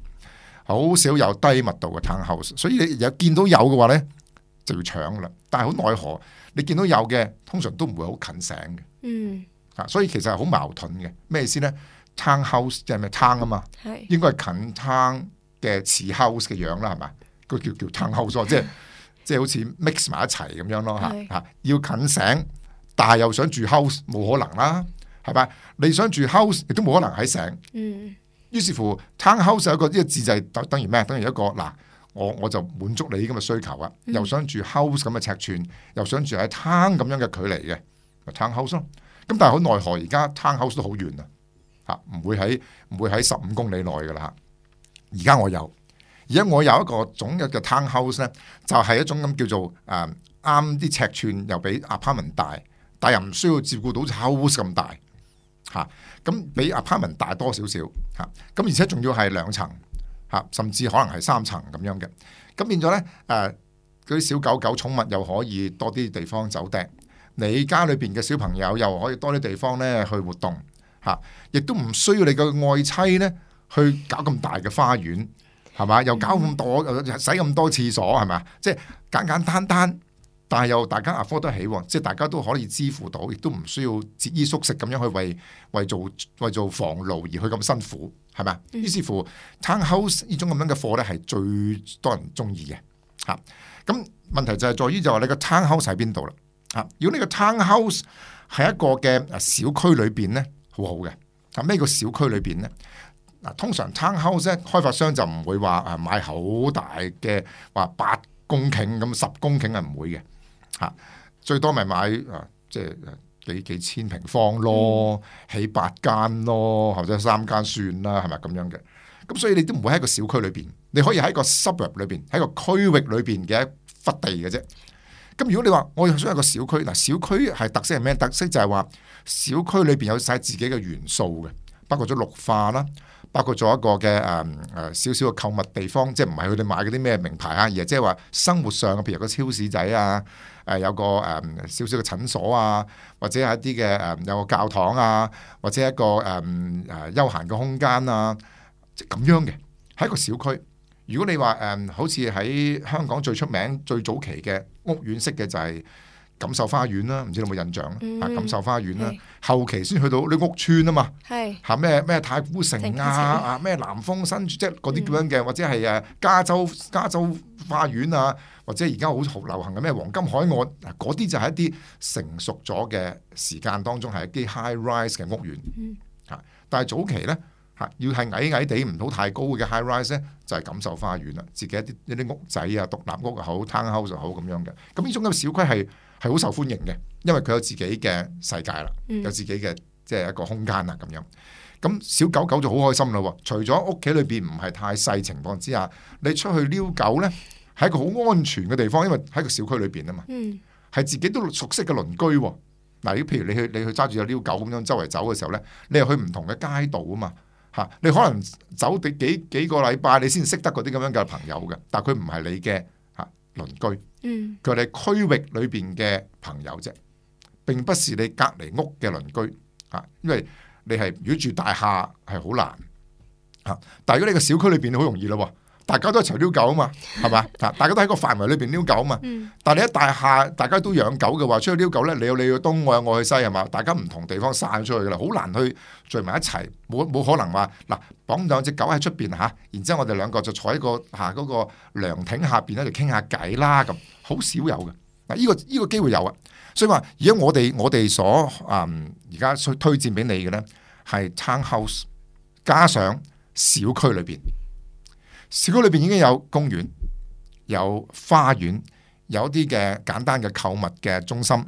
Speaker 2: 好少有低密度嘅 townhouse。所以你有見到有嘅話咧，就要搶啦。但係好奈何，你見到有嘅通常都唔會好近城嘅。嗯、啊，所以其實係好矛盾嘅。咩意思咧？townhouse 即係咩 town 啊嘛？係是應該係近 town 嘅似 house 嘅樣啦，係咪？個叫叫 townhouse，即係 (laughs) 即係好似 mix 埋一齊咁樣咯嚇嚇，要近城，但係又想住 house，冇可能啦，係咪？你想住 house，亦都冇可能喺城。嗯。於是乎，townhouse 有一個呢、這個字就係、是、等等於咩？等於一個嗱，我我就滿足你咁嘅需求啊，嗯、又想住 house 咁嘅尺寸，又想住喺 town 咁樣嘅距離嘅 townhouse。咁 town 但係好奈何，而家 townhouse 都好遠啊，嚇！唔會喺唔會喺十五公里內噶啦嚇。而、啊、家我有而家我有一個總嘅嘅 townhouse 咧，就係一種咁叫做誒啱啲尺寸，又比 apartment 大，但又唔需要照顧到 house 咁大嚇。咁、啊、比 apartment 大多少少嚇。咁、啊、而且仲要係兩層嚇、啊，甚至可能係三層咁樣嘅。咁變咗咧誒，嗰、啊、啲小狗狗寵物又可以多啲地方走趯，你家裏邊嘅小朋友又可以多啲地方咧去活動嚇，亦、啊、都唔需要你嘅外妻咧去搞咁大嘅花園。係嘛？又搞咁多，又使咁多廁所，係嘛？即係簡簡單單，但係又大家 afford 得起喎，即係大家都可以支付到，亦都唔需要節衣縮食咁樣去為為做為做房奴而去咁辛苦，係嘛？嗯、於是乎，Townhouse 呢種咁樣嘅貨咧，係最多人中意嘅。嚇、啊，咁問題就係在於就話你個 Townhouse 喺邊度啦？嚇、啊，如果呢個 Townhouse 係一個嘅小區裏邊咧，好好嘅。嚇、啊，咩叫小區裏邊咧？嗱，通常 townhouse 開發商就唔會話買好大嘅，話八公頃咁十公頃係唔會嘅，嚇、啊、最多咪買啊，即係幾幾千平方咯，起八間咯，或者三間算啦，係咪咁樣嘅？咁所以你都唔會喺一個小區裏邊，你可以喺個 suburb 裏邊，喺個區域裏邊嘅一忽地嘅啫。咁如果你話我又想有個小區，嗱，小區係特色係咩？特色就係話小區裏邊有晒自己嘅元素嘅，包括咗綠化啦。包括咗一個嘅誒誒少少嘅購物地方，即係唔係佢哋買嗰啲咩名牌啊，而係即係話生活上，譬如個超市仔啊，誒有個誒少少嘅診所啊，或者係一啲嘅誒有個教堂啊，或者一個誒誒、嗯、休閒嘅空間啊，咁、就是、樣嘅係一個小區。如果你話誒，好似喺香港最出名、最早期嘅屋苑式嘅就係、是。錦繡花園啦，唔知你有冇印象？啊、嗯，錦繡花園啦，是後期先去到啲屋村啊嘛，嚇咩咩太古城啊，啊咩南豐新，即係嗰啲咁樣嘅，嗯、或者係誒加州加州花園啊，或者而家好流行嘅咩黃金海岸嗰啲，嗯、就係一啲成熟咗嘅時間當中係一啲 high rise 嘅屋苑。嚇、嗯，但係早期咧嚇要係矮矮地唔好太高嘅 high rise 咧，就係錦繡花園啦，自己一啲一啲屋仔啊，獨立屋又好，Townhouse 又好咁樣嘅。咁呢種嘅小區係。係好受歡迎嘅，因為佢有自己嘅世界啦，有自己嘅即係一個空間啦咁樣。咁、嗯、小狗狗就好開心啦。除咗屋企裏邊唔係太細情況之下，你出去遛狗呢，係一個好安全嘅地方，因為喺個小區裏邊啊嘛，係自己都熟悉嘅鄰居、啊。嗱，如果譬如你去你去揸住隻遛狗咁樣周圍走嘅時候呢，你又去唔同嘅街道啊嘛，吓你可能走幾幾幾個禮拜你先識得嗰啲咁樣嘅朋友嘅，但佢唔係你嘅鄰居，佢哋係區域裏邊嘅朋友啫，並不是你隔籬屋嘅鄰居啊，因為你係如果住大廈係好難啊，但如果你個小區裏邊好容易咯。大家都一齊遛狗啊嘛，係嘛？嗱， (laughs) 大家都喺個範圍裏邊遛狗啊嘛。但係你一大廈大家都養狗嘅話，出去遛狗咧，你有你去東，我有我去西，係嘛？大家唔同地方散出去啦，好難去聚埋一齊，冇冇可能話嗱，綁兩隻狗喺出邊嚇，然之後我哋兩個就坐喺個嚇嗰、啊那個涼亭下邊咧嚟傾下偈啦咁，好少有嘅。嗱、啊，依、這個依、這個機會有啊，所以話而家我哋我哋所嗯而家推推薦俾你嘅咧係 Townhouse 加上小區裏邊。市區裏邊已經有公園、有花園、有啲嘅簡單嘅購物嘅中心，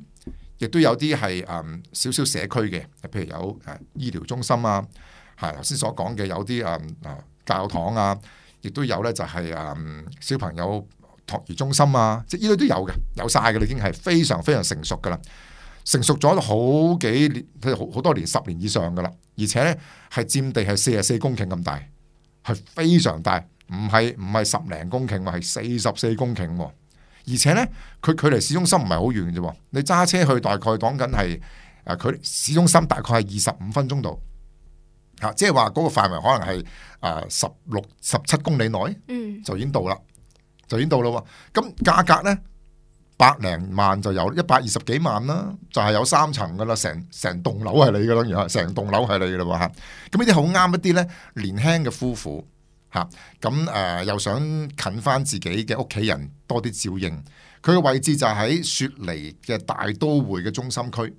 Speaker 2: 亦都有啲係誒少少社區嘅，譬如有誒醫療中心啊，係頭先所講嘅有啲誒誒教堂啊，亦都有咧就係誒小朋友託兒中心啊，即係依啲都有嘅，有晒嘅啦，已經係非常非常成熟㗎喇，成熟咗好幾年，佢好好多年十年以上㗎喇，而且咧係佔地係四十四公頃咁大，係非常大。唔係，唔係十零公頃喎，係四十四公頃。而且呢，佢距離市中心唔係好遠啫。你揸車去大概講緊係誒，佢市中心大概係二十五分鐘度。嚇、啊，即係話嗰個範圍可能係誒十六、十七公里內就已經到啦，就已經到啦喎。咁價格呢，百零萬就有一百二十幾萬啦，就係有三層噶啦，成成棟樓係你噶，等然嚇，成棟樓係你噶啦喎。咁呢啲好啱一啲呢年輕嘅夫婦。.吓咁誒，又想近翻自己嘅屋企人多啲照應。佢嘅位置就喺雪梨嘅大都會嘅中心區。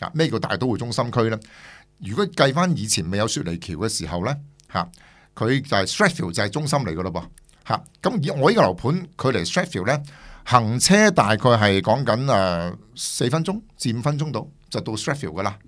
Speaker 2: 啊，咩叫大都會中心區呢？如果計翻以前未有雪梨橋嘅時候呢，吓、啊、佢就係 Strathfield 就係中心嚟噶啦噃。吓咁而我個樓盤呢個樓盤距離 Strathfield 咧，行車大概係講緊誒四分鐘至五分鐘到就到 Strathfield 噶啦。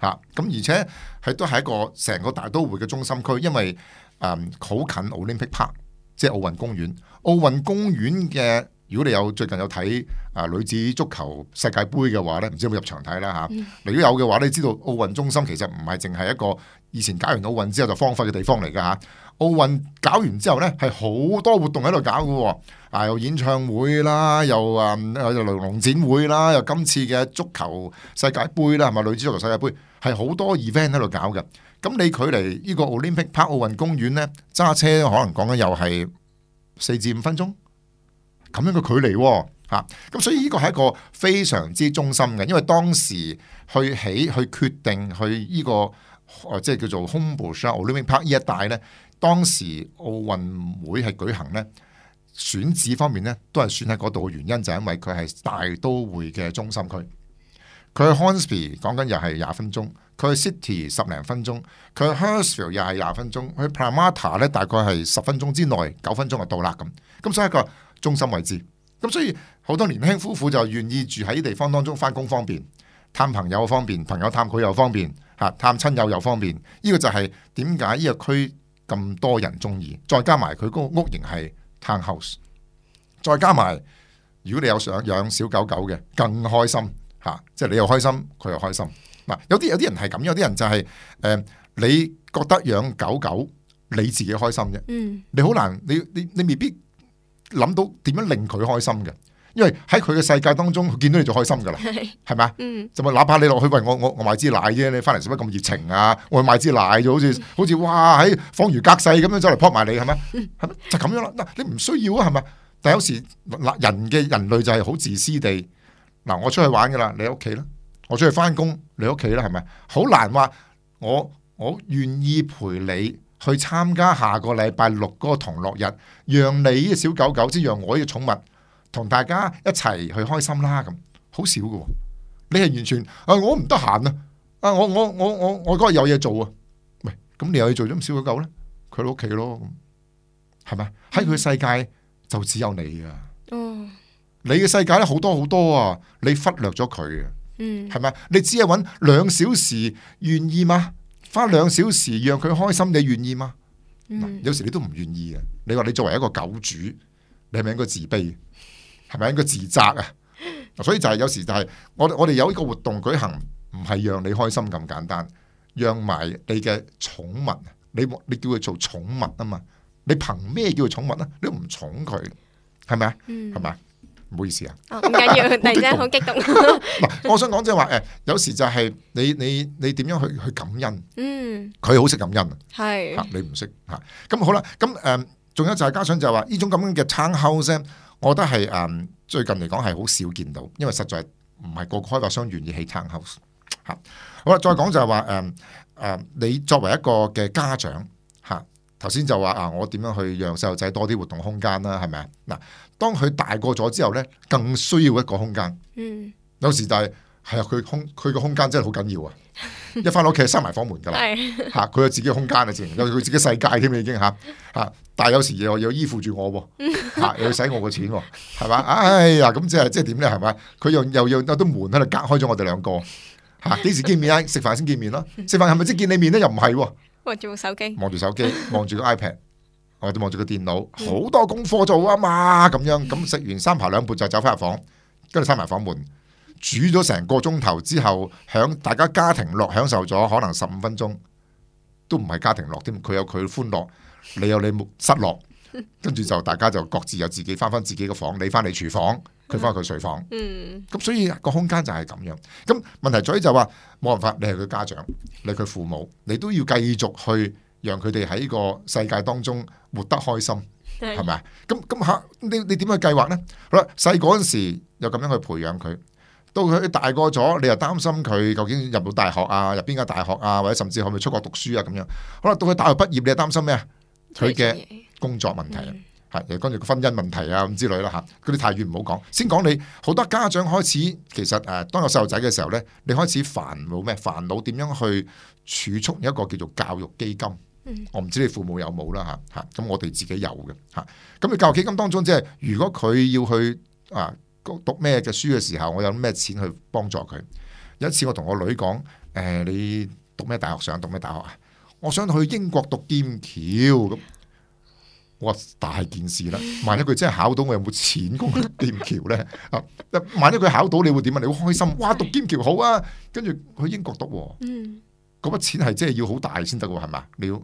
Speaker 2: 吓、啊、咁、啊、而且係都係一個成個大都會嘅中心區，因為。嗯，好、um，近 Olympic Park，即係奧運公園。奧運公園嘅，如果你有最近有睇啊、呃、女子足球世界杯嘅話咧，唔知道有冇入場睇啦吓。啊嗯、如果有嘅話，你知道奧運中心其實唔係淨係一個以前搞完奧運之後就荒廢嘅地方嚟噶吓。奧、啊、運搞完之後咧，係好多活動喺度搞噶、哦，啊，有演唱會啦，又啊，有、嗯、龍展會啦，又今次嘅足球世界杯啦，係咪？女子足球世界杯，係好多 event 喺度搞嘅。咁你距離呢個 Olympic Park 奧運公園呢，揸車可能講緊又係四至五分鐘，咁樣嘅距離喎、哦，嚇、啊！咁所以呢個係一個非常之中心嘅，因為當時去起去決定去呢、這個、呃、即係叫做 Homebush、啊、Olympic Park 呢一帶呢，當時奧運會係舉行呢，選址方面呢都係選喺嗰度嘅原因就係、是、因為佢係大都會嘅中心區。佢去 Hornsby 講緊又係廿分鐘，佢去 City 十零分鐘，佢去 Hurstville 又係廿分鐘，去 Parramatta 咧大概係十分鐘之內，九分鐘就到啦咁。咁所以一個中心位置，咁所以好多年輕夫婦就願意住喺地方當中，翻工方便，探朋友方便，朋友探佢又方便，嚇探親友又方便。呢、這個就係點解呢個區咁多人中意，再加埋佢嗰個屋型係 townhouse，再加埋如果你有想養小狗狗嘅，更開心。啊、即係你又開心，佢又開心。嗱、啊，有啲有啲人係咁，有啲人，人就係、是、誒、呃，你覺得養狗狗你自己開心啫。嗯，你好難，你你你未必諗到點樣令佢開心嘅，因為喺佢嘅世界當中，佢見到你就開心噶啦，係咪啊？嗎嗯，就咪哪怕你落去喂我我我買支奶啫，你翻嚟做乜咁熱情啊？我買支奶好好、哎、 (laughs) 就好似好似哇喺恍如隔世咁樣走嚟撲埋你係咪？係咪就咁樣咯？嗱，你唔需要啊，係咪？但係有時嗱，人嘅人類就係好自私地。嗱，我出去玩噶啦，你屋企啦；我出去返工，你屋企啦，係咪好難話我我願意陪你去參加下個禮拜六嗰個同樂日，讓你嘅小狗狗先，讓我嘅寵物同大家一齊去開心啦，咁好少噶。你係完全啊，我唔得閒啊，啊，我啊我我我我嗰日有嘢做啊，喂，咁你又去做咗唔小狗狗咧？佢喺屋企咯，係咪喺佢世界就只有你啊！你嘅世界咧，好多好多啊！你忽略咗佢嘅，係咪、嗯？你只係搵兩小時，願意嗎？花兩小時讓佢開心，你願意嗎？
Speaker 4: 嗯，有
Speaker 2: 時你都唔願意啊。你話你作為一個狗主，你係咪應該自卑？係咪應該自責啊？所以就係，是，有時就係，是，我哋我哋有呢個活動舉行，唔係讓你開心咁簡單，讓埋你嘅寵物，你你叫佢做寵物啊嘛？你憑咩叫佢寵物啊？你唔寵佢，係咪啊？係咪、嗯？唔好意思啊！唔緊、哦、要緊，突然間好激動。激動 (laughs) 我想講即係話，誒，有時就係你你你點樣去去感恩？嗯，佢好識感恩
Speaker 1: 係吓是、啊、你
Speaker 2: 唔識吓。咁、啊、好啦，咁誒，仲、呃、有就係加上就話呢種咁樣嘅 townhouse 咧，我覺得係誒最近嚟講係好少見到，因為實在唔係個個開發商願意起 townhouse 吓、啊。好啦，再講就係話誒誒，你作為一個嘅家長吓，頭、啊、先就話啊，我點樣去讓細路仔多啲活動空間啦？係咪啊？嗱。啊當佢大過咗之後咧，更需要一個空間。嗯，有時就係係啊，佢空佢個空間真係好緊要啊！
Speaker 4: 一翻屋企，閂埋房門噶啦。吓，
Speaker 2: 佢有自己空間啊，自然有佢自己世界添已經吓吓。但係有時又要依附住我喎，吓 (laughs) 又要使我個錢喎，係嘛？哎呀，咁即係即係點咧？係咪？佢又又要有啲門喺度隔開咗我哋兩個吓？幾時見面啊？食飯先見面啦。食飯係咪即係見你面咧？又唔係？望
Speaker 1: 住部手機，
Speaker 2: 望住手機，望住個 iPad。我哋望住個電腦，好多功課做啊嘛，咁樣咁食完三排兩半就走翻入房，跟住閂埋房門，煮咗成個鐘頭之後，享大家家庭樂，享受咗可能十五分鐘，都唔係家庭樂添，佢有佢歡樂，你有你失落，跟住就大家就各自有自己翻翻自己嘅房，房，你翻你廚房，佢翻佢睡房，嗯，咁所以個空間就係咁樣。咁問題在於就話、是、冇辦法，你係佢家長，你係佢父母，你都要繼續去。讓佢哋喺呢個世界當中活得開心，係咪對？咁咁吓，你你點去計劃呢？好啦，細嗰陣時又咁樣去培養佢，到佢大個咗，你又擔心佢究竟入到大學啊，入邊間大學啊，或者甚至可唔可以出國讀書啊咁樣？好啦，到佢大學畢業，你又擔心咩啊？佢嘅工作問題啊，係跟住婚姻問題啊咁之類啦吓，嗰啲太遠唔好講，先講你好多家長開始其實誒、啊，當個細路仔嘅時候呢，你開始煩惱咩？煩惱點樣去儲蓄一個叫做教育基金？嗯、我唔知你父母有冇啦嚇嚇，咁、啊、我哋自己有嘅嚇。咁、啊、你教育基金當中、就是，即係如果佢要去啊讀咩嘅書嘅時候，我有咩錢去幫助佢？有一次我同我女講：誒、呃，你讀咩大學想？想讀咩大學啊？我想去英國讀劍橋咁。我話大件事啦，萬一佢真係考到，我有冇錢供佢讀劍橋咧？ (laughs) 啊，萬一佢考到你，你會點啊？你好開心，哇！讀劍橋好啊，跟住去英國讀喎、啊。嗯嗰筆錢係真係要好大先得喎，係嘛？你要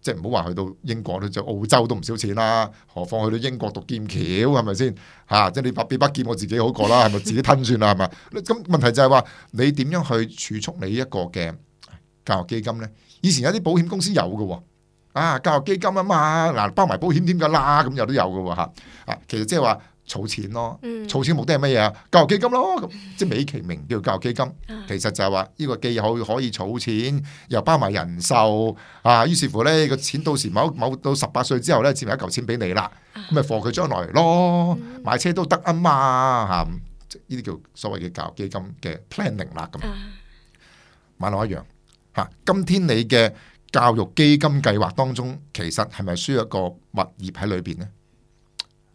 Speaker 2: 即係唔好話去到英國咧，就澳洲都唔少錢啦，何況去到英國讀劍橋係咪先？嚇、啊！即係你俾把劍我自己好過啦，係咪？自己吞算啦，係咪？ (laughs) 咁問題就係話你點樣去儲蓄你一個嘅教育基金咧？以前有啲保險公司有嘅喎，啊，教育基金啊嘛，嗱、啊、包埋保險添㗎啦，咁又都有嘅喎啊，其實即係話。儲錢咯，儲錢、嗯、目的係乜嘢啊？教育基金咯，咁即美其名叫教育基金，其實就係話呢個既可可以儲錢，又包埋人壽啊。於是乎呢個錢到時某某到十八歲之後呢，存埋一嚿錢俾你啦，咁咪放佢將來咯，嗯、買車都得啊嘛嚇！呢啲叫所謂嘅教育基金嘅 planning 啦，咁買樓一樣嚇、啊。今天你嘅教育基金計劃當中，其實係咪需要一個物業喺裏邊呢？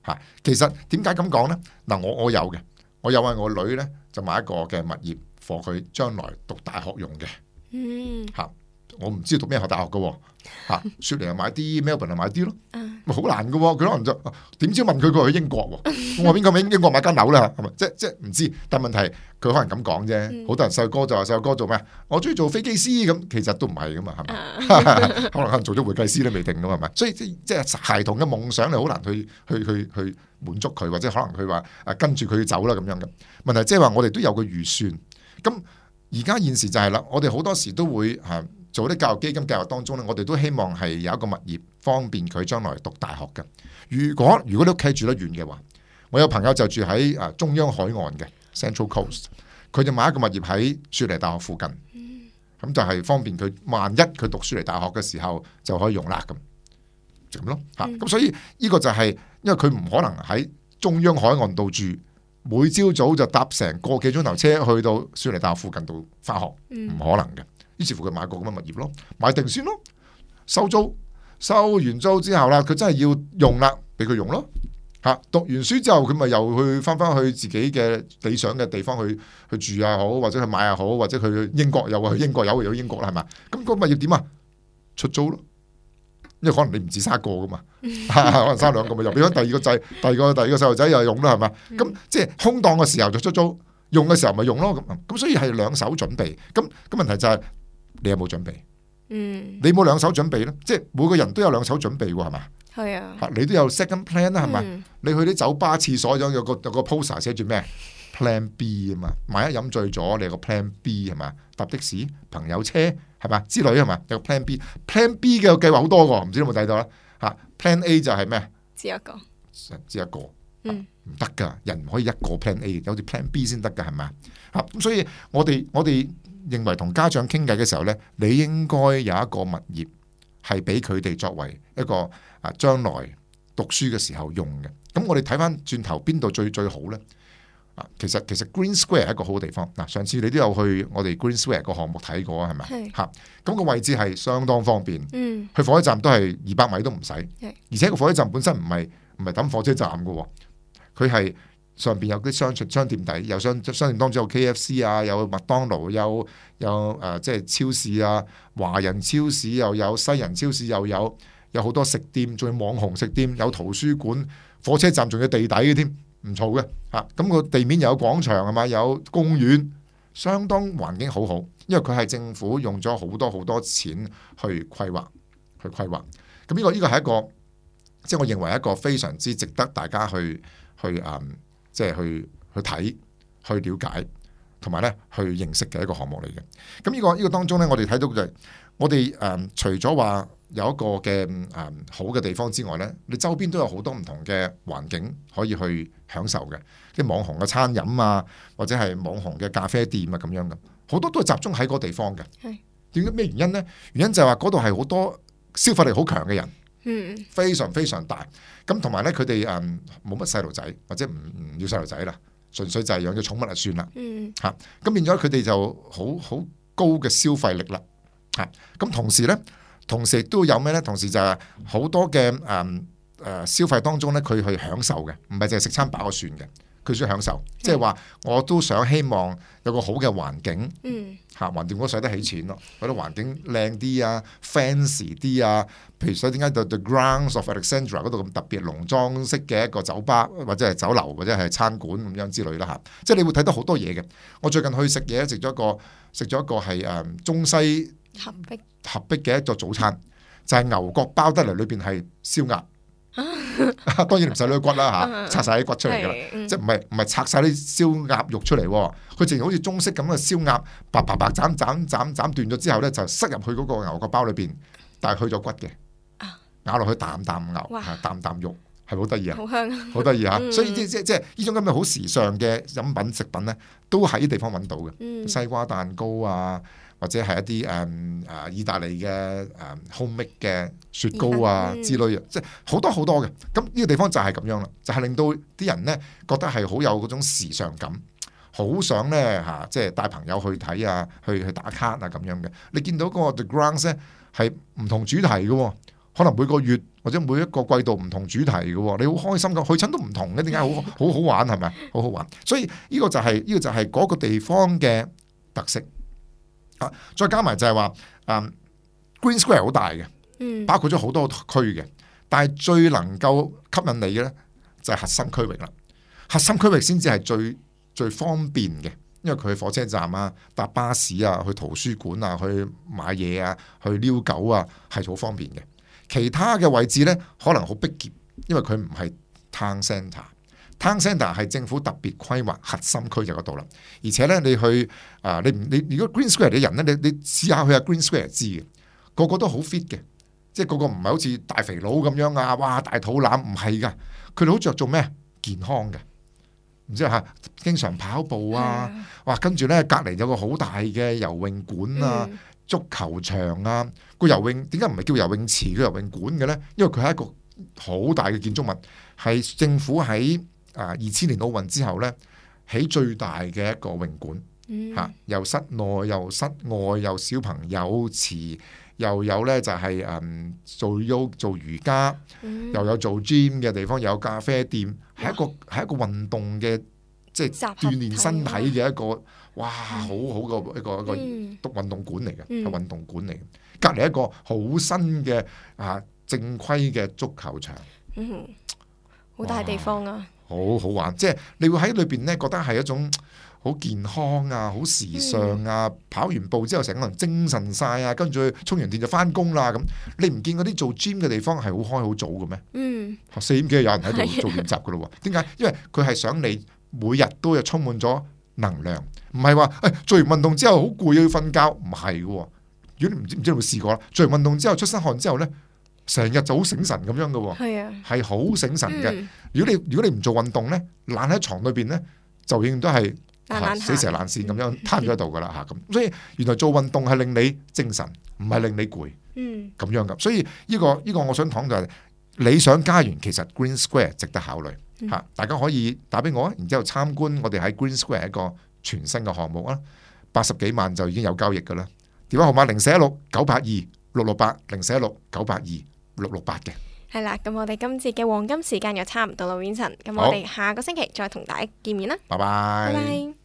Speaker 2: 嚇，其實點解咁講咧？嗱，我我有嘅，我有為我，我女咧就買一個嘅物業，畀佢將來讀大學用嘅。
Speaker 4: 嗯，
Speaker 2: 嚇。我唔知讀咩學大學嘅，啊，嚇，雪梨又買啲，Melbourne 又買啲咯，咪好難嘅喎，啊，佢可能就點知問佢，佢去英國喎，啊？我話邊個喺英英國買間樓啦？嚇，即即唔知，但問題佢可能咁講啫。好多人細個就話，細個做咩？我中意做飛機師咁，其實都唔係嘅嘛，係咪？可能可能做咗會計師都未定咯，係咪？所以即即孩童嘅夢想，你好難去去去去滿足佢，或者可能佢話誒跟住佢走啦咁樣嘅問題，即係話我哋都有個預算，咁而家現時就係、是、啦，我哋好多時都會嚇。啊做啲教育基金教育當中咧，我哋都希望係有一個物業方便佢將來讀大學嘅。如果如果你屋企住得遠嘅話，我有朋友就住喺啊中央海岸嘅 Central Coast，佢就買一個物業喺雪梨大學附近，咁就係方便佢。萬一佢讀雪梨大學嘅時候就可以用啦咁，咁咯嚇。咁、嗯啊、所以呢個就係、是、因為佢唔可能喺中央海岸度住，每朝早就搭成個幾鐘頭車去到雪梨大學附近度翻學，唔可能嘅。於是乎佢買過咁嘅物業咯，買定先咯，收租，收完租之後啦，佢真係要用啦，俾佢用咯。嚇，讀完書之後佢咪又去翻翻去自己嘅理想嘅地方去去住啊好，或者去買啊好，或者去英國又去英國，又去到英國啦係嘛？咁、個物業點啊？出租咯，因為可能你唔止三個噶嘛， (laughs) 可能三兩個咪又俾翻第二個仔、第二個第二個細路仔又用啦係嘛？咁即係空檔嘅時候就出租，用嘅時候咪用咯咁。咁所以係兩手準備。咁咁問題就係、是。你有冇準備？嗯，你冇兩手準備咧，即係每個人都有兩手準備喎，係嘛？係啊，吓你都有 second plan 啦，係嘛、嗯？你去啲酒吧廁所咗，有個有個 poster 寫住咩？Plan B 啊嘛，萬一飲醉咗，你有個 Plan B 係嘛？搭的士、朋友車係嘛之類係嘛？有個 Plan B，Plan B 嘅計劃好多噶，唔知你有冇睇到咧？吓、啊、Plan A 就係咩？
Speaker 1: 只一個，只一個，嗯，
Speaker 2: 唔得噶，人唔可以一個 Plan A，有啲 Plan B 先得噶，係嘛？吓、啊、咁，所以我哋我哋。認為同家長傾偈嘅時候呢，你應該有一個物業係俾佢哋作為一個啊將來讀書嘅時候用嘅。咁我哋睇翻轉頭邊度最最好呢？啊、其實其實 Green Square 係一個好地方。嗱、啊，上次你都有去我哋 Green Square 個項目睇過係係啊，係咪？係。咁個位置係相當方便。嗯、去火車站都係二百米都唔使。係而且個火車站本身唔係唔係等火車站嘅喎、哦，佢係。上面有啲商場、商店底，有商商店當中有 K F C 啊，有麥當勞，有有誒，即、呃、係、就是、超市啊，華人超市又有，西人超市又有，有好多食店，仲有網紅食店，有圖書館、火車站，仲有地底嘅添，唔錯嘅嚇。咁、啊、個地面又有廣場係嘛，有公園，相當環境好好，因為佢係政府用咗好多好多錢去規劃，去規劃。咁呢個呢個係一個，即、就、係、是、我認為一個非常之值得大家去去嗯。即係去去睇去了解，同埋呢去認識嘅一個項目嚟嘅。咁呢個呢個當中呢，我哋睇到就係我哋、呃、除咗話有一個嘅、呃、好嘅地方之外呢，你周邊都有好多唔同嘅環境可以去享受嘅，啲網紅嘅餐飲啊，或者係網紅嘅咖啡店啊咁樣嘅，好多都係集中喺嗰地方嘅。係點解咩原因呢？原因就係話嗰度係好多消費力好強嘅人。嗯，非常非常大，咁同埋咧，佢哋嗯冇乜細路仔或者唔唔要細路仔啦，純粹就係養咗寵物就算啦，嚇，咁變咗佢哋就好好高嘅消費力啦，嚇，咁同時咧，同時亦都有咩咧？同時就係好多嘅嗯誒消費當中咧，佢去享受嘅，唔係淨係食餐飽就算嘅。佢想享受，即係話我都想希望有個好嘅環境，吓環境我使得起錢咯，覺得環境靚啲啊 fancy 啲啊，譬如所以點解在 The Grounds of Alexandra 嗰度咁特別農莊式嘅一個酒吧或者係酒樓或者係餐館咁樣之類啦吓，即係你會睇到好多嘢嘅。我最近去食嘢，食咗一個食咗一個係誒中西合璧合璧嘅一個早餐，就係牛角包得嚟，裏邊係燒鴨。 (laughs) 當然唔使攞骨啦吓，拆晒啲骨出嚟噶啦，是即係唔係唔係拆晒啲燒鴨肉出嚟，佢淨係好似中式咁嘅燒鴨，白白白斬斬斬斬斷咗之後咧，就塞入去嗰個牛角包裏邊，但係去咗骨嘅，咬落去啖啖牛，啖啖哇肉係好得意啊，是是好
Speaker 4: 香，好得意啊，所以即即即
Speaker 2: 係呢種咁嘅好時尚嘅飲品食品咧，都喺啲地方揾到嘅，嗯、西瓜蛋糕啊。或者係一啲誒誒意大利嘅誒 homemade 嘅雪糕啊之類嘅，即係好多好多嘅。咁呢個地方就係咁樣啦，就係、是、令到啲人呢覺得係好有嗰種時尚感，好想呢，吓即係帶朋友去睇啊，去去打卡啊咁樣嘅。你見到個 The Grounds 咧係唔同主題嘅，可能每個月或者每一個季度唔同主題嘅，你好開心咁去親都唔同嘅，點解好好好玩係咪？好 (laughs) 好玩，所以呢個就係、是、呢、這個就係嗰個地方嘅特色。再加埋就係話，嗯，Green Square 係好大嘅，包括咗好多區嘅。但係最能夠吸引你嘅呢，就係核心區域啦。核心區域先至係最最方便嘅，因為佢去火車站啊、搭巴士啊、去圖書館啊、去買嘢啊、去遛狗啊，係好方便嘅。其他嘅位置呢，可能好逼狹，因為佢唔係 town centre。Town Centre 啊，係政府特別規劃核心區就嗰度啦。而且呢，你去啊、呃，你唔你如果 Green Square 啲人呢，你你試下去下 Green Square 知嘅，個個都好 fit 嘅，即係個個唔係好似大肥佬咁樣啊，哇大肚腩唔係噶，佢哋好著重咩健康嘅，唔知嚇、啊、經常跑步啊，哇 Yeah.、啊、跟住呢，隔離有個好大嘅游泳館啊、足球場啊，個游泳點解唔係叫游泳池嘅游泳館嘅呢？因為佢係一個好大嘅建築物，係政府喺。啊！二千年奧運之後呢，起最大嘅一個泳館嚇、嗯，又室內又室外又小朋友池，又有呢就係誒做做瑜伽，嗯、又有做 gym 嘅地方，又有咖啡店，係、嗯、一個係、啊、一個運動嘅即係鍛鍊身體嘅一個、啊、哇！好好嘅一個一個督、嗯、運動館嚟嘅，係、嗯、運動館嚟嘅，隔離、嗯、一個好新嘅啊正規嘅足球場，
Speaker 1: 嗯、好大地方啊！
Speaker 2: 好好玩，即係你會喺裏邊呢覺得係一種好健康啊，好時尚啊。嗯，跑完步之後成個人精神晒啊，跟住充完電就翻工啦。咁你唔見嗰啲做 gym 嘅地方係好開好早嘅
Speaker 4: 咩？
Speaker 2: 嗯，四點幾有人喺度做練習噶咯？點解的？因為佢係想你每日都有充滿咗能量，唔係話誒做完運動之後好攰要瞓覺，唔係嘅。如果你唔知唔知有冇試過啦，做完運動之後出身汗之後呢。成日就好醒神咁樣嘅喎，係啊，係好醒神嘅、嗯。如果你如果你唔做運動呢，懶喺床裏邊呢，就永遠都係死蛇爛鱔咁樣攤咗喺度嘅啦嚇咁。所以原來做運動係令你精神，唔係令你攰，
Speaker 4: 嗯，
Speaker 2: 咁樣嘅。所以呢、呢個呢、呢個我想講就係理想家園其實 Green Square 值得考慮嚇，啊嗯、大家可以打俾我啊，然之後參觀我哋喺 Green Square 一個全新嘅項目啊，八十幾萬就已經有交易嘅啦。電話號碼零四一六九八二六六八零四一六九八二。六
Speaker 4: 六八
Speaker 1: 嘅，係啦，咁我哋今次嘅黃金時間又差唔多啦，遠塵，咁我哋下個星期再同大家見面啦，
Speaker 4: 好拜拜。拜拜。